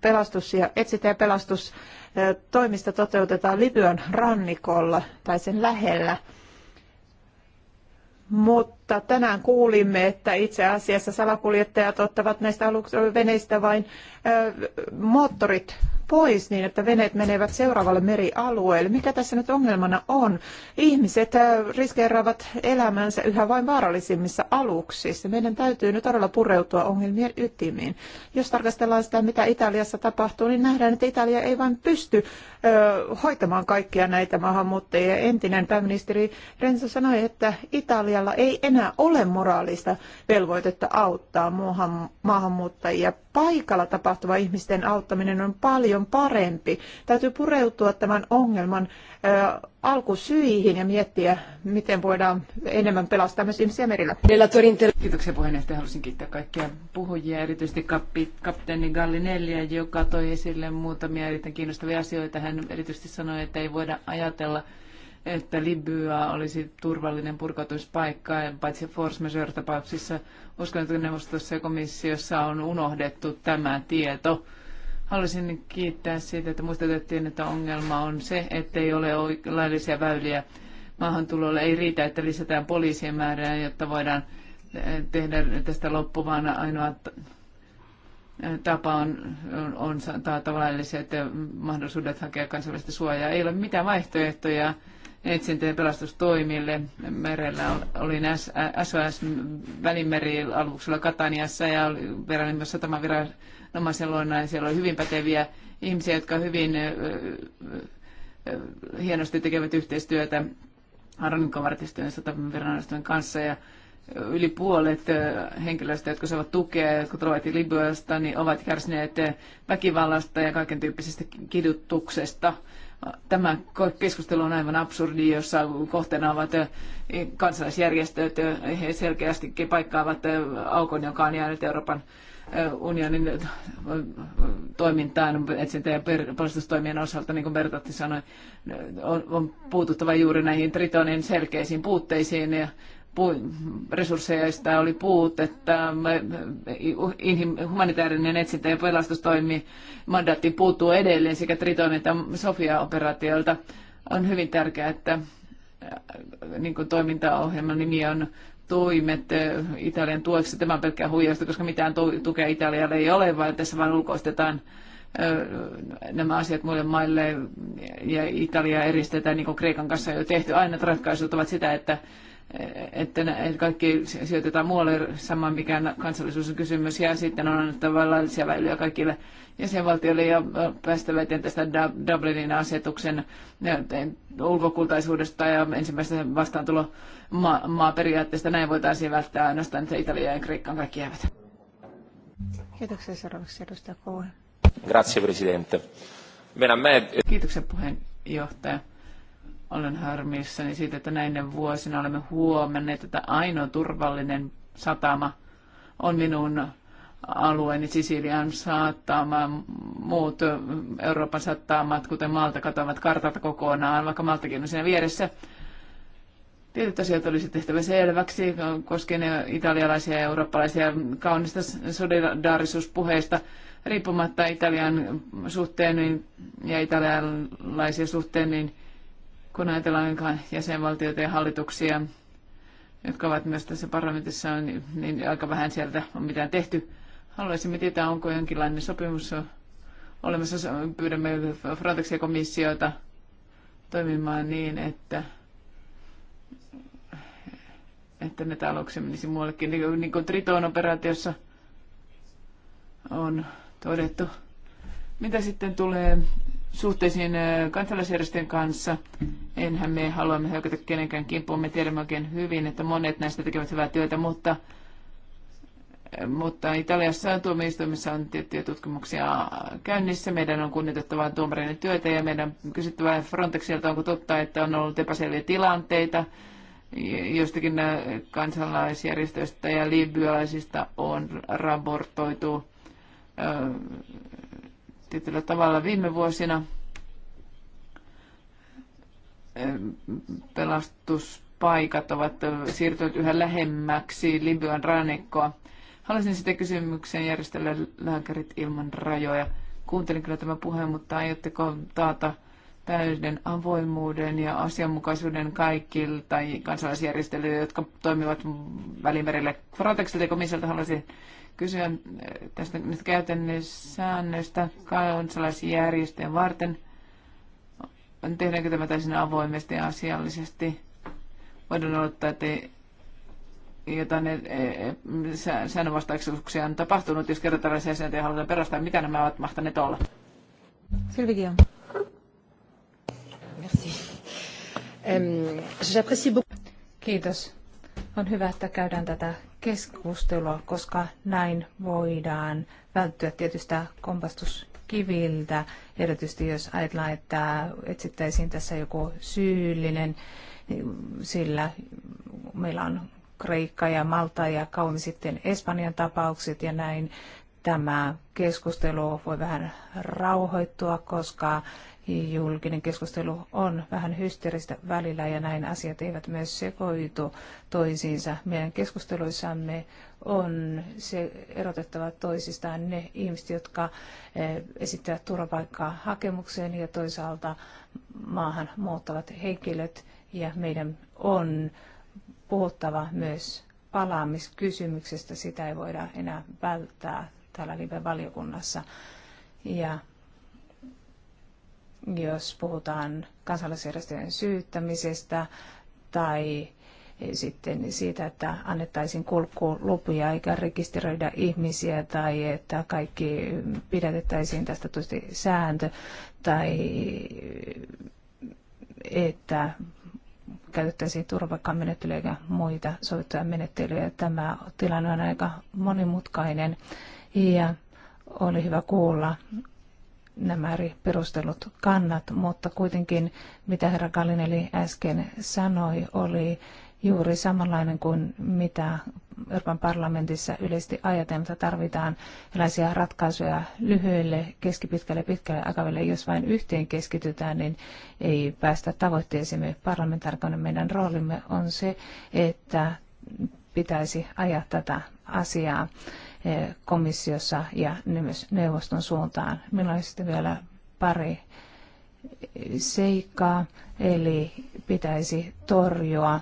pelastus- ja etsintä- ja pelastustoimista toteutetaan Libyan rannikolla tai sen lähellä. Mutta mutta tänään kuulimme, että itse asiassa salakuljettajat ottavat näistä veneistä vain moottorit pois niin, että veneet menevät seuraavalle merialueelle. Mikä tässä nyt ongelmana on? Ihmiset riskeeraavat elämänsä yhä vain vaarallisimmissa aluksissa. Meidän täytyy nyt todella pureutua ongelmien ytimiin. Jos tarkastellaan sitä, mitä Italiassa tapahtuu, niin nähdään, että Italia ei vain pysty ö, hoitamaan kaikkia näitä maahanmuuttajia. Entinen pääministeri Renzo sanoi, että Italialla ei enää enää ole moraalista velvoitetta auttaa maahanmuuttajia. Paikalla tapahtuva ihmisten auttaminen on paljon parempi. Täytyy pureutua tämän ongelman ö, alkusyihin ja miettiä, miten voidaan enemmän pelastaa myös ihmisiä merillä. Kiitoksia puheenjohtaja. Haluaisin kiittää kaikkia puhujia, erityisesti kappi, kapteeni Gallinellia, joka toi esille muutamia erittäin kiinnostavia asioita. Hän erityisesti sanoi, että ei voida ajatella että Libya olisi turvallinen purkautumispaikka, paitsi force majeure-tapauksissa. Uskon, ja komissiossa on unohdettu tämä tieto. Haluaisin kiittää siitä, että muistutettiin, että ongelma on se, ettei ole laillisia väyliä maahantulolle. Ei riitä, että lisätään poliisien määrää, jotta voidaan eh, tehdä tästä loppu, vaan ainoa tapa on, on, on että eh, mahdollisuudet hakea kansainvälistä suojaa. Ei ole mitään vaihtoehtoja etsintä- ja pelastustoimille. Merellä olin SOS välimerialuksella Kataniassa ja verran myös satamaviranomaisen luona ja siellä oli hyvin päteviä ihmisiä, jotka hyvin hienosti tekevät yhteistyötä rannikkovartistojen ja satamaviranomaisten kanssa ja yli puolet henkilöistä, jotka saavat tukea, jotka tulevat Libyasta, niin ovat kärsineet väkivallasta ja kaiken tyyppisestä kidutuksesta – Tämä keskustelu on aivan absurdi, jossa kohteena ovat eh, kansalaisjärjestöt. Eh, he selkeästi paikkaavat eh, aukon, joka on jäänyt Euroopan unionin toimintaan, etsintä- ja pelastustoimien osalta, niin kuin Bertotti sanoi, on, on puututtava juuri näihin Tritonin selkeisiin puutteisiin ja joista oli puutetta, humanitaarinen etsintä ja pelastustoimi mandaatti puuttuu edelleen sekä Triton että Sofia-operaatiolta. On hyvin tärkeää, että äh, niin kuin toimintaohjelman nimi on toimet äh, Italian tueksi. Tämä on pelkkää huijausta, koska mitään tukea Italialle ei ole, vaan tässä vain ulkoistetaan äh, nämä asiat muille maille ja Italia eristetään, niin kuin Kreikan kanssa on jo tehty. Aina ratkaisut ovat sitä, että että kaikki sijoitetaan muualle sama mikä kansallisuus on kysymys, ja sitten on annettava laillisia väyliä kaikille jäsenvaltioille ja päästävä eteen tästä Dublinin asetuksen ulkokultaisuudesta ja ensimmäisestä vastaantulomaaperiaatteesta. Näin voitaisiin välttää ainoastaan, että Italia ja on kaikki jäävät. Kiitoksia seuraavaksi edustaja Kouhe. Grazie Presidente. Kiitoksia puheenjohtaja olen harmissani siitä, että näinä vuosina olemme huomanneet, että ainoa turvallinen satama on minun alueeni Sisilian saattama, muut Euroopan satamat, kuten Malta, katoavat kartalta kokonaan, vaikka Maltakin on siinä vieressä. Tietyt asiat olisi tehtävä selväksi koskien italialaisia ja eurooppalaisia kaunista solidaarisuuspuheista. Riippumatta Italian suhteen niin, ja italialaisia suhteen, niin kun ajatellaan jäsenvaltioita ja hallituksia, jotka ovat myös tässä parlamentissa, niin, niin aika vähän sieltä on mitään tehty. Haluaisimme tietää, onko jonkinlainen sopimus olemassa. Pyydämme Frontexia komissiota toimimaan niin, että, että ne talouksia menisi muuallekin. Niin, niin kuin Triton-operaatiossa on todettu. Mitä sitten tulee suhteisiin kansalaisjärjestöjen kanssa. Enhän me haluamme hyökätä kenenkään kimppuun. Me tiedämme oikein hyvin, että monet näistä tekevät hyvää työtä, mutta, mutta Italiassa tuomioistuimissa on tiettyjä tutkimuksia käynnissä. Meidän on kunnioitettava tuomareiden työtä ja meidän kysyttävä Frontexilta, onko totta, että on ollut epäselviä tilanteita jostakin kansalaisjärjestöistä ja libyalaisista on raportoitu tietyllä tavalla viime vuosina pelastuspaikat ovat siirtyneet yhä lähemmäksi Libyan rannikkoa. Haluaisin sitä kysymykseen järjestellä lääkärit ilman rajoja. Kuuntelin kyllä tämän puheen, mutta aiotteko taata täyden avoimuuden ja asianmukaisuuden kaikilta kansalaisjärjestelyille, jotka toimivat välimerelle. Frontexilta komissiolta haluaisin kysyä äh, tästä näistä käytännön säännöistä kansalaisjärjestöjen varten. Tehdäänkö tämä täysin avoimesti ja asiallisesti? Voidaan odottaa, että jotain äh, äh, säännönvastaisuuksia on tapahtunut, jos kerran tällaisia sääntöjä halutaan perustaa. Mitä nämä ovat mahtaneet olla? Sylvie Merci. Euh, Kiitos. On hyvä, että käydään tätä keskustelua, koska näin voidaan välttyä tietystä kompastuskiviltä, erityisesti jos ajatellaan, että etsittäisiin tässä joku syyllinen, niin sillä meillä on Kreikka ja Malta ja kauan sitten Espanjan tapaukset ja näin tämä keskustelu voi vähän rauhoittua, koska julkinen keskustelu on vähän hysteeristä välillä ja näin asiat eivät myös sekoitu toisiinsa. Meidän keskusteluissamme on se erotettava toisistaan ne ihmiset, jotka eh, esittävät turvapaikkaa hakemukseen ja toisaalta maahan muuttavat henkilöt ja meidän on puhuttava myös palaamiskysymyksestä. Sitä ei voida enää välttää täällä live-valiokunnassa. Ja jos puhutaan kansalaisjärjestöjen syyttämisestä tai sitten siitä, että annettaisiin kulkulupia eikä rekisteröidä ihmisiä tai että kaikki pidätettäisiin tästä tietysti sääntö tai että käytettäisiin turvapaikkamenettelyä ja muita sovittuja menettelyjä. Tämä tilanne on aika monimutkainen ja oli hyvä kuulla nämä eri perustelut kannat, mutta kuitenkin mitä herra Kalineli äsken sanoi oli juuri samanlainen kuin mitä Euroopan parlamentissa yleisesti ajatellaan, että tarvitaan erilaisia ratkaisuja lyhyelle, keskipitkälle ja pitkälle aikavälille. Jos vain yhteen keskitytään, niin ei päästä tavoitteeseemme. Parlamentaarikon meidän roolimme on se, että pitäisi ajaa tätä asiaa komissiossa ja myös neuvoston suuntaan. Meillä on sitten vielä pari seikkaa, eli pitäisi torjua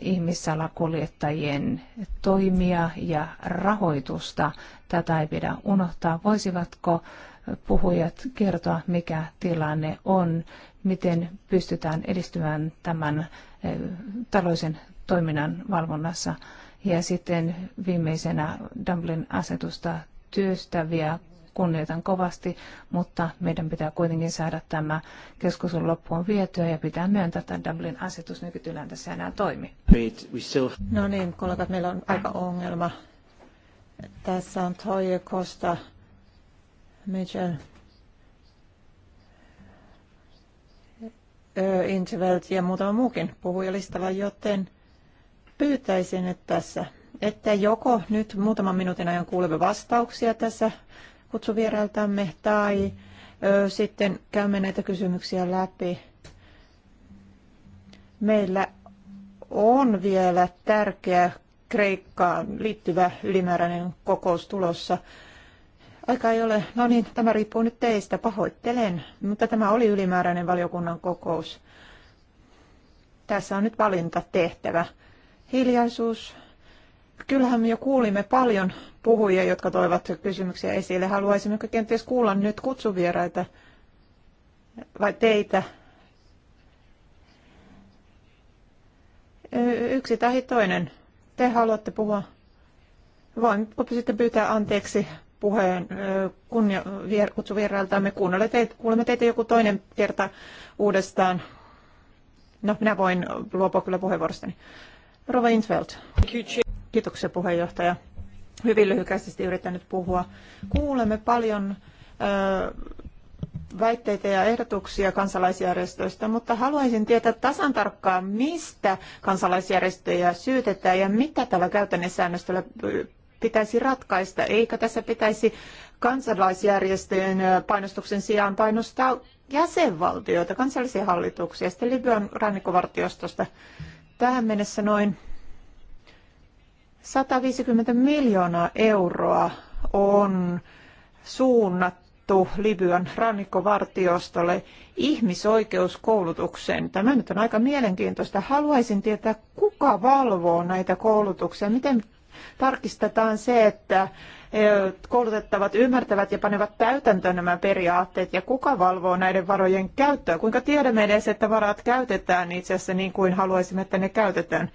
ihmissalakuljettajien toimia ja rahoitusta. Tätä ei pidä unohtaa. Voisivatko puhujat kertoa, mikä tilanne on, miten pystytään edistymään tämän eh, taloisen toiminnan valvonnassa ja sitten viimeisenä Dublin asetusta työstäviä kunnioitan kovasti, mutta meidän pitää kuitenkin saada tämä keskustelu loppuun vietyä ja pitää myöntää, että Dublin asetus nykytilään tässä enää toimi. No niin, kollegat, meillä on aika ongelma. Tässä on Toje Costa Mitchell. Intervelt ja muutama muukin puhujalistava joten Pyytäisin, että tässä, että joko nyt muutaman minuutin ajan kuulemme vastauksia tässä kutsuvierailtamme tai ö, sitten käymme näitä kysymyksiä läpi. Meillä on vielä tärkeä Kreikkaan liittyvä ylimääräinen kokous tulossa. Aika ei ole. No niin, tämä riippuu nyt teistä. Pahoittelen, mutta tämä oli ylimääräinen valiokunnan kokous. Tässä on nyt valinta tehtävä. Hiljaisuus. Kyllähän me jo kuulimme paljon puhujia, jotka toivat kysymyksiä esille. Haluaisimme kenties kuulla nyt kutsuvieraita vai teitä? Yksi tai toinen. Te haluatte puhua. Voin sitten pyytää anteeksi puheen kunnia, vier, kutsuvierailtamme. Kuunnelle teitä, kuulemme teitä joku toinen kerta uudestaan. No, minä voin luopua kyllä puheenvuorostani. Rova Intveld. Kiitoksia puheenjohtaja. Hyvin lyhykäisesti yritän nyt puhua. Kuulemme paljon ö, väitteitä ja ehdotuksia kansalaisjärjestöistä, mutta haluaisin tietää tasan tarkkaan, mistä kansalaisjärjestöjä syytetään ja mitä tällä käytännön säännöstöllä pitäisi ratkaista. Eikä tässä pitäisi kansalaisjärjestöjen painostuksen sijaan painostaa jäsenvaltioita, kansallisia hallituksia, sitten Libyan rannikkovartiostosta tähän mennessä noin 150 miljoonaa euroa on suunnattu Libyan rannikkovartiostolle ihmisoikeuskoulutukseen. Tämä nyt on aika mielenkiintoista. Haluaisin tietää, kuka valvoo näitä koulutuksia, miten tarkistetaan se, että koulutettavat ymmärtävät ja panevat täytäntöön nämä periaatteet ja kuka valvoo näiden varojen käyttöä? Kuinka tiedämme edes, että varat käytetään itse asiassa niin kuin haluaisimme, että ne käytetään?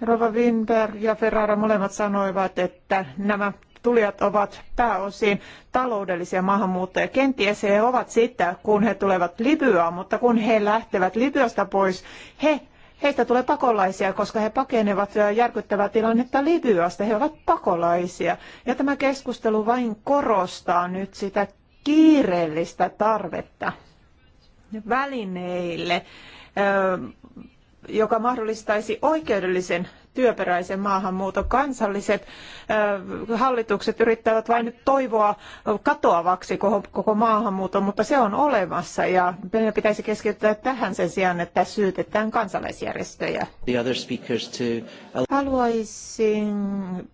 Rova Winberg ja Ferrara molemmat sanoivat, että nämä tulijat ovat pääosin taloudellisia maahanmuuttajia. Kenties he ovat sitä, kun he tulevat Libyaan, mutta kun he lähtevät Libyasta pois, he Heistä tulee pakolaisia, koska he pakenevat järkyttävää tilannetta Libyasta. He ovat pakolaisia. Ja tämä keskustelu vain korostaa nyt sitä kiireellistä tarvetta välineille, joka mahdollistaisi oikeudellisen työperäisen maahanmuuton. Kansalliset hallitukset yrittävät vain nyt toivoa katoavaksi koko, koko maahanmuuton, mutta se on olemassa ja meidän pitäisi keskittyä tähän sen sijaan, että syytetään kansalaisjärjestöjä. Haluaisin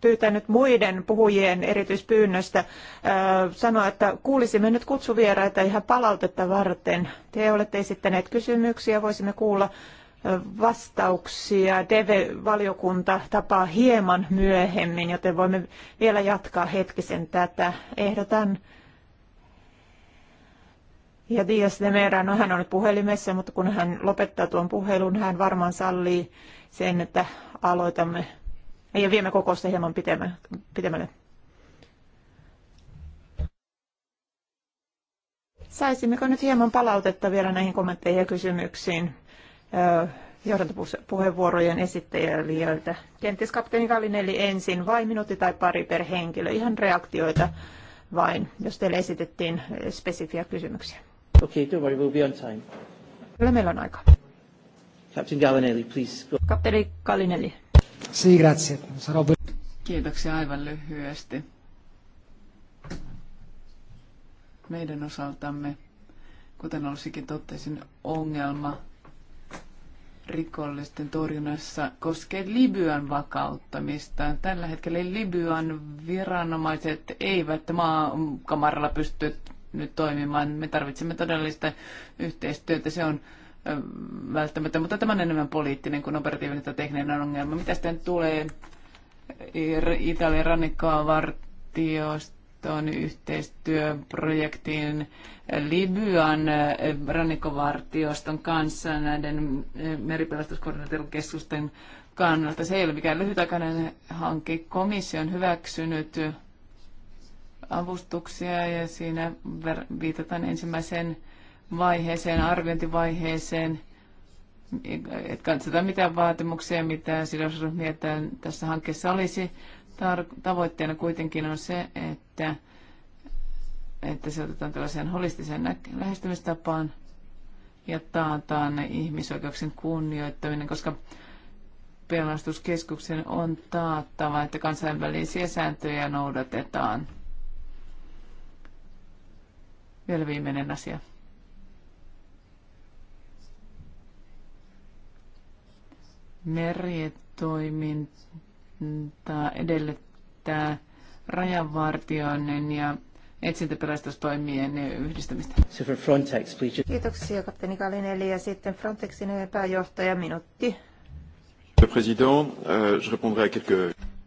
pyytää nyt muiden puhujien erityispyynnöstä sanoa, että kuulisimme nyt kutsuvieraita ihan palautetta varten. Te olette esittäneet kysymyksiä, voisimme kuulla vastauksia. DV-valiokunta tapaa hieman myöhemmin, joten voimme vielä jatkaa hetkisen tätä. Ehdotan ja Dias de Mera, no hän on nyt puhelimessa, mutta kun hän lopettaa tuon puhelun, hän varmaan sallii sen, että aloitamme ja viemme kokousta hieman pitemmälle. Saisimmeko nyt hieman palautetta vielä näihin kommentteihin ja kysymyksiin? johdantopuheenvuorojen esittelijöiltä. Kenties kapteeni Gallinelli ensin, vai minuutti tai pari per henkilö, ihan reaktioita vain, jos teille esitettiin spesifiä kysymyksiä. Okay, don't worry, we'll be on time. Kyllä meillä on aika. Captain Gallinelli, please. Go. Kapteeni Gallinelli. Sì, grazie. Sarò... Kiitoksia aivan lyhyesti. Meidän osaltamme, kuten olisikin totesin, ongelma rikollisten torjunnassa koskee Libyan vakauttamista. Tällä hetkellä Libyan viranomaiset eivät maakamaralla pysty nyt toimimaan. Me tarvitsemme todellista yhteistyötä. Se on välttämättä, mutta tämä on enemmän poliittinen kuin operatiivinen tai tekninen ongelma. Mitä sitten tulee Italian rannikkoa vartiosta? vapaaehtoistoon yhteistyöprojektiin Libyan eh, rannikkovartioston kanssa näiden eh, meripelastuskoordinaatiokeskusten kannalta. Se ei ole mikään lyhytaikainen hanke. Komissio on hyväksynyt avustuksia ja siinä viitataan ensimmäiseen vaiheeseen, arviointivaiheeseen, että katsotaan mitä vaatimuksia, mitä sidosryhmiä tässä hankkeessa olisi. Tar- tavoitteena kuitenkin on se, että, että se otetaan tällaiseen holistiseen nä- lähestymistapaan ja taataan ihmisoikeuksien kunnioittaminen, koska pelastuskeskuksen on taattava, että kansainvälisiä sääntöjä noudatetaan. Vielä viimeinen asia. Merjetoiminta valvontaa edellyttää rajanvartioinnin ja etsintäpelastustoimien yhdistämistä. Frontex, please. Kiitoksia kapteeni Kalineli ja sitten Frontexin pääjohtaja minuutti. Euh,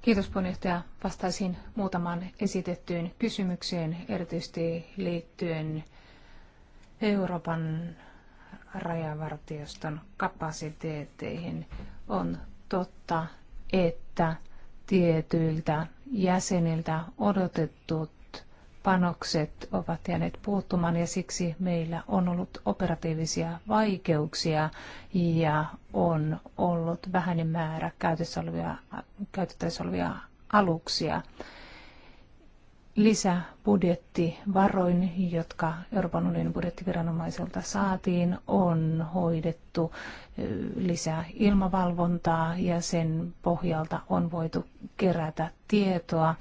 Kiitos puheenjohtaja. Vastaisin muutamaan esitettyyn kysymykseen, erityisesti liittyen Euroopan rajavartioston kapasiteetteihin. On totta, että tietyiltä jäseniltä odotetut panokset ovat jääneet puuttumaan ja siksi meillä on ollut operatiivisia vaikeuksia ja on ollut vähäinen määrä käytettävissä olevia, käytettävissä olevia aluksia lisäbudjettivaroin, jotka Euroopan unionin budjettiviranomaiselta saatiin, on hoidettu lisää ilmavalvontaa ja sen pohjalta on voitu kerätä tietoa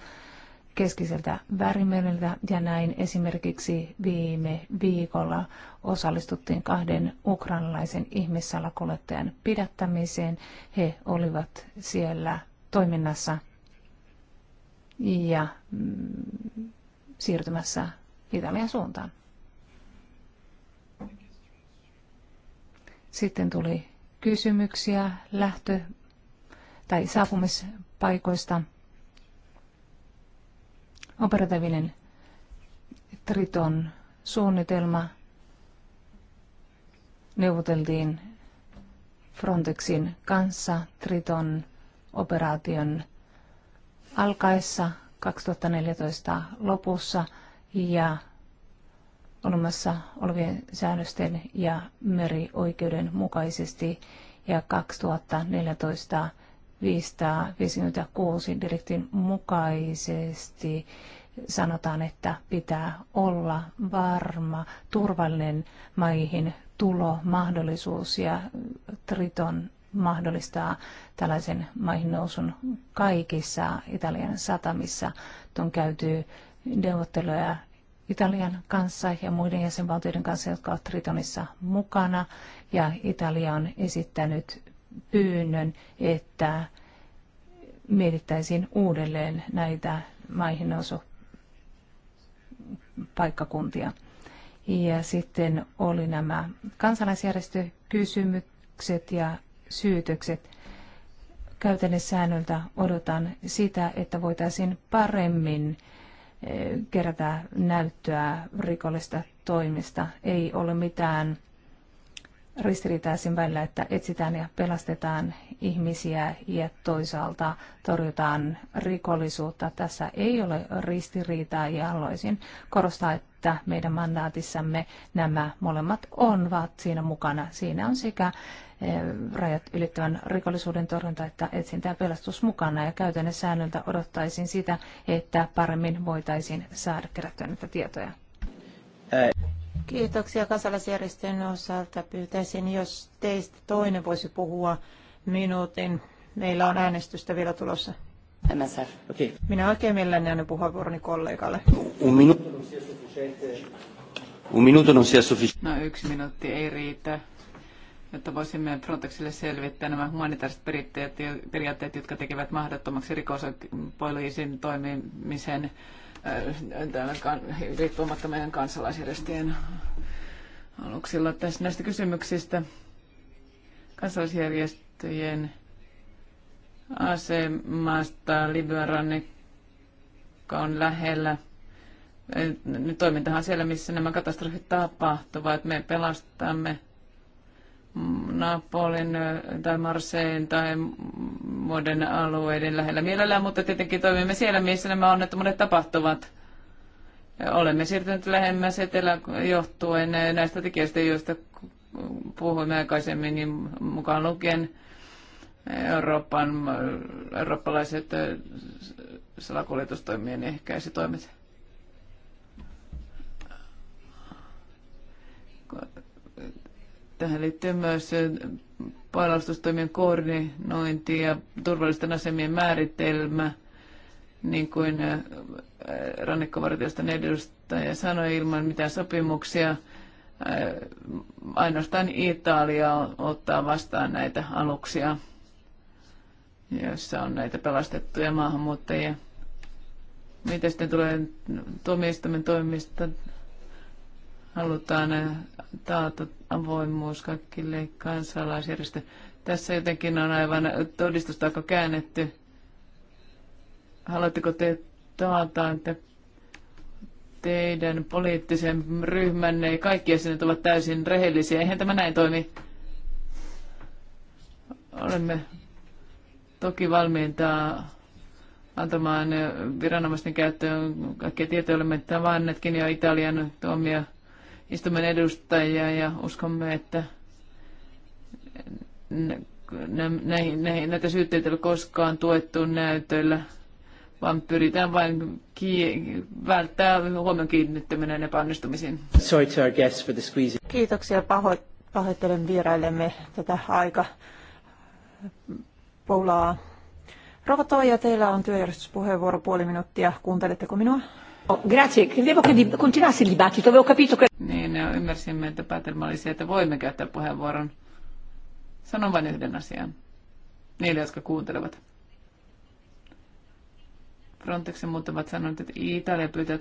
keskiseltä värimereltä ja näin esimerkiksi viime viikolla osallistuttiin kahden ukrainalaisen ihmissalakuljettajan pidättämiseen. He olivat siellä toiminnassa ja mm, siirtymässä Italian suuntaan. Sitten tuli kysymyksiä lähtö- tai saapumispaikoista. Operatiivinen Triton suunnitelma neuvoteltiin Frontexin kanssa Triton operaation alkaessa 2014 lopussa ja olemassa olevien säännösten ja merioikeuden mukaisesti ja 2014 556 direktin mukaisesti sanotaan, että pitää olla varma, turvallinen maihin tulomahdollisuus ja Triton mahdollistaa tällaisen maihin nousun kaikissa Italian satamissa. On käyty neuvotteluja Italian kanssa ja muiden jäsenvaltioiden kanssa, jotka ovat Tritonissa mukana. Ja Italia on esittänyt pyynnön, että mietittäisiin uudelleen näitä maihin paikkakuntia. Ja sitten oli nämä kansalaisjärjestökysymykset ja syytökset. Käytännössäännöltä odotan sitä, että voitaisiin paremmin eh, kerätä näyttöä rikollista toimista. Ei ole mitään ristiriitaa sen välillä, että etsitään ja pelastetaan ihmisiä ja toisaalta torjutaan rikollisuutta. Tässä ei ole ristiriitaa ja haluaisin korostaa, että meidän mandaatissamme nämä molemmat ovat siinä mukana. Siinä on sekä Eh, rajat ylittävän rikollisuuden torjunta, että ja pelastus mukana ja käytännön säännöltä odottaisin sitä, että paremmin voitaisiin saada kerättyä näitä tietoja. Kiitoksia kansalaisjärjestön osalta. Pyytäisin, jos teistä toinen voisi puhua minuutin. Meillä on äänestystä vielä tulossa. MSF. Okay. Minä oikein mielelläni annan puheenvuoroni kollegalle. Un Un minuto non sia sufficiente. No yksi minuutti ei riitä jotta voisimme Frontexille selvittää nämä humanitaariset periaatteet, jotka tekevät mahdottomaksi rikospoliisin toimimisen äh, riippumattomien kansalaisjärjestöjen aluksilla. Tässä näistä kysymyksistä kansalaisjärjestöjen asemasta Libyan rannikko on lähellä. Äh, nyt toimintahan siellä, missä nämä katastrofit tapahtuvat. Me pelastamme Napolin tai Marseen tai muiden alueiden lähellä mielellään, mutta tietenkin toimimme siellä, missä nämä onnettomuudet tapahtuvat. Olemme siirtyneet lähemmäs etelä johtuen näistä tekijöistä, joista puhuimme aikaisemmin, niin mukaan lukien Euroopan, eurooppalaiset salakuljetustoimien ehkäisytoimet. Tähän liittyy myös palastustoimien koordinointi ja turvallisten asemien määritelmä, niin kuin rannikkovartioston edustaja sanoi, ilman mitään sopimuksia. Ainoastaan Italia ottaa vastaan näitä aluksia, joissa on näitä pelastettuja maahanmuuttajia. Mitä sitten tulee tuomioistuimen toimista? halutaan äh, taata avoimuus kaikille kansalaisjärjestö. Tässä jotenkin on aivan todistustaako käännetty. Haluatteko te taata, että teidän poliittisen ryhmänne kaikki jäsenet ovat täysin rehellisiä? Eihän tämä näin toimi. Olemme toki valmiita antamaan viranomaisten käyttöön kaikkia tietoja. Olemme tavanneetkin jo Italian tuomia istumme edustajia ja uskomme, että näitä syytteitä ei ole koskaan tuettu näytöllä, vaan pyritään vain ki- välttää huomion kiinnittäminen epäonnistumisiin. Sorry to our guests for the squeezing. Kiitoksia paho- pahoittelen vieraillemme tätä aika poulaa. Rova Toija, teillä on työjärjestyspuheenvuoro puoli minuuttia. Kuunteletteko minua? Oh, grazie. Credevo che continuasse il dibattito. Avevo capito che... Niin, ymmärsimme, että päätelmä oli se, että voimme käyttää puheenvuoron. Sanon vain yhden asian. Niille, jotka kuuntelevat. Frontexin muuttavat sanoneet, että Italia pyytää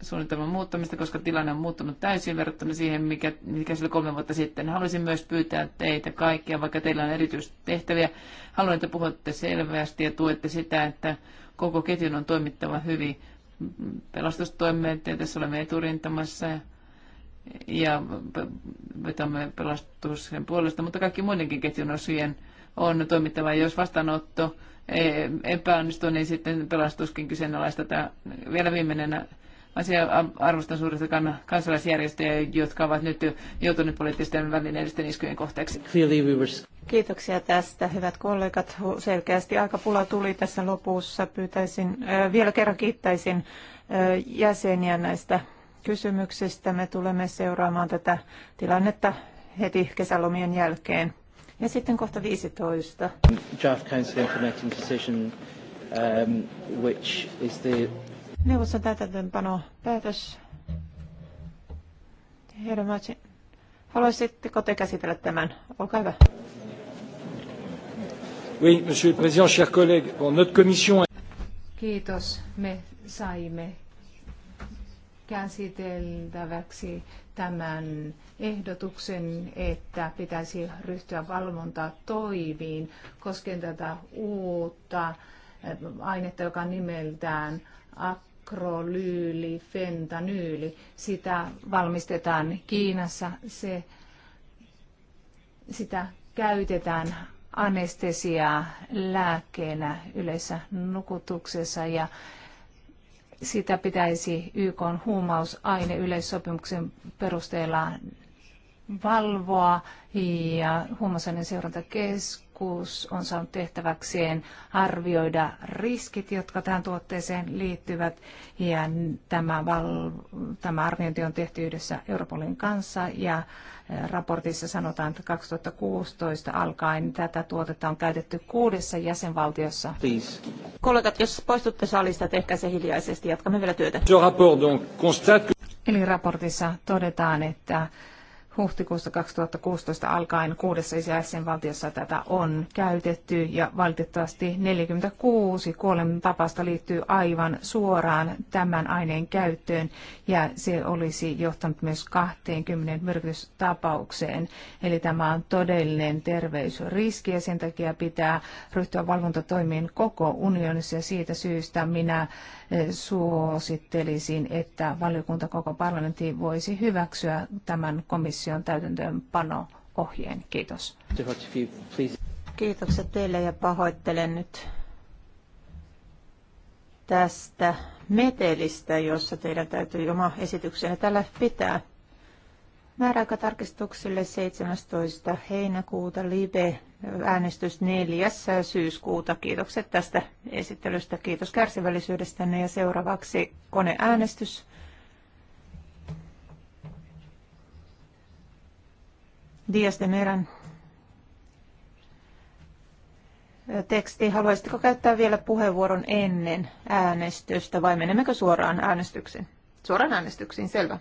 suunnitelman muuttamista, koska tilanne on muuttunut täysin verrattuna siihen, mikä, mikä sillä kolme vuotta sitten. Haluaisin myös pyytää teitä kaikkia, vaikka teillä on erityistehtäviä. Haluan, että puhutte selvästi ja tuette sitä, että koko ketjun on toimittava hyvin pelastustoimet, ja tässä olemme eturintamassa ja vetämme pelastuksen puolesta, mutta kaikki muidenkin ketjun osien on toimittava. Jos vastaanotto eh, epäonnistuu, niin sitten pelastuskin kyseenalaista. Tämä vielä viimeinen asia arvostan suuresti kansalaisjärjestöjä, jotka ovat nyt joutuneet poliittisten välineellisten iskujen kohteeksi. Kiitoksia tästä, hyvät kollegat. Selkeästi aikapula tuli tässä lopussa. Pyytäisin, vielä kerran kiittäisin jäseniä näistä kysymyksistä. Me tulemme seuraamaan tätä tilannetta heti kesälomien jälkeen. Ja sitten kohta 15. Draft Council Implementing Decision, um, which is the Neuvoston täytäntöönpano päätös. Herra haluaisitteko te käsitellä tämän? Olkaa hyvä. Oui, monsieur le président, chers collègues. Bon, notre commission... Kiitos. Me saimme käsiteltäväksi tämän ehdotuksen, että pitäisi ryhtyä valvontaa toimiin koskien tätä uutta eh, ainetta, joka on nimeltään akrolyyli, fentanyyli. Sitä valmistetaan Kiinassa. Se, sitä käytetään anestesiaa lääkkeenä yleensä nukutuksessa ja sitä pitäisi YK huumausaine yleissopimuksen perusteella valvoa ja huumausaineen seurantakeskus keskus on saanut tehtäväkseen arvioida riskit, jotka tähän tuotteeseen liittyvät. Ja tämä, val, tämä arviointi on tehty yhdessä Europolin kanssa ja raportissa sanotaan, että 2016 alkaen tätä tuotetta on käytetty kuudessa jäsenvaltiossa. Please. Kollegat, jos poistutte salista, tehkää se hiljaisesti. Jatkamme vielä työtä. Eli raportissa todetaan, että huhtikuusta 2016 alkaen kuudessa jäsenvaltiossa tätä on käytetty ja valitettavasti 46 kuolemantapausta tapasta liittyy aivan suoraan tämän aineen käyttöön ja se olisi johtanut myös 20 myrkytystapaukseen. Eli tämä on todellinen terveysriski ja sen takia pitää ryhtyä valvontatoimiin koko unionissa ja siitä syystä minä eh, suosittelisin, että valiokunta koko parlamentti voisi hyväksyä tämän komission komission täytäntöönpano ohjeen. Kiitos. Kiitokset teille ja pahoittelen nyt tästä metelistä, jossa teidän täytyy oma esityksenne tällä pitää. Määräaikatarkistuksille 17. heinäkuuta live äänestys 4. syyskuuta. Kiitokset tästä esittelystä. Kiitos kärsivällisyydestänne ja seuraavaksi koneäänestys. Dias de Meran teksti. Haluaisitko käyttää vielä puheenvuoron ennen äänestystä vai menemmekö suoraan äänestykseen? Suoraan äänestyksiin, selvä.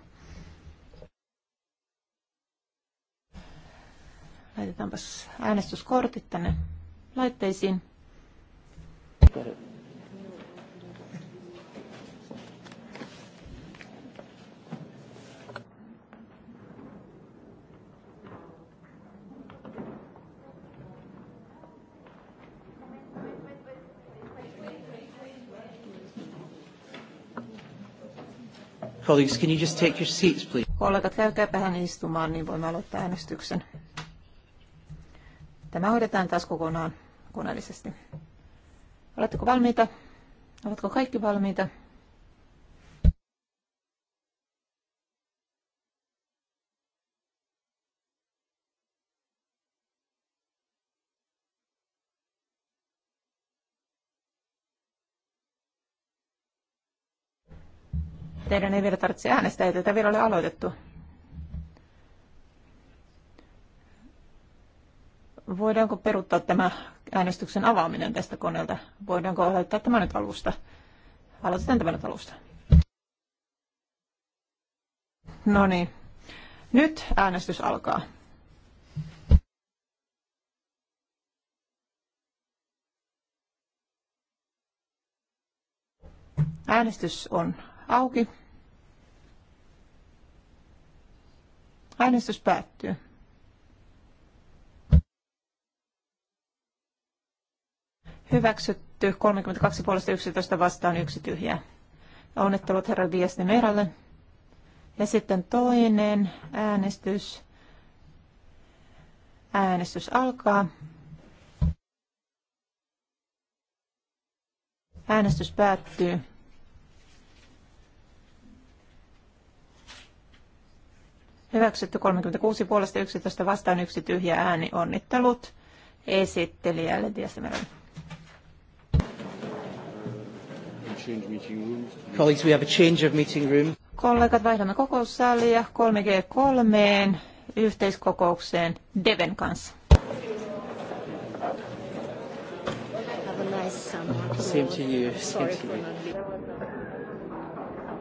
Laitetaanpas äänestyskortit tänne laitteisiin. Colleagues, can you just take your seats, please? Kollegat, käykääpä hän istumaan, niin voimme aloittaa äänestyksen. Tämä hoidetaan taas kokonaan koneellisesti. Oletteko valmiita? Ovatko kaikki valmiita? Teidän ei vielä tarvitse äänestää, ei tätä vielä ole aloitettu. Voidaanko peruuttaa tämä äänestyksen avaaminen tästä koneelta? Voidaanko aloittaa tämä nyt alusta? Aloitetaan tämä nyt alusta. No niin. Nyt äänestys alkaa. Äänestys on auki. Äänestys päättyy. Hyväksytty 32 puolesta 11 vastaan yksi tyhjä. Onnittelut herran Viestin Meeralle. Ja sitten toinen äänestys. Äänestys alkaa. Äänestys päättyy. Hyväksytty 36 puolesta 11 vastaan yksi tyhjä ääni. Onnittelut esittelijälle Diasemeron. Colleagues, we have a change of meeting room. Kollegat, vaihdamme kokoussalia 3G3 yhteiskokoukseen Deven kanssa. Have a nice summer. Same to you. Same to you.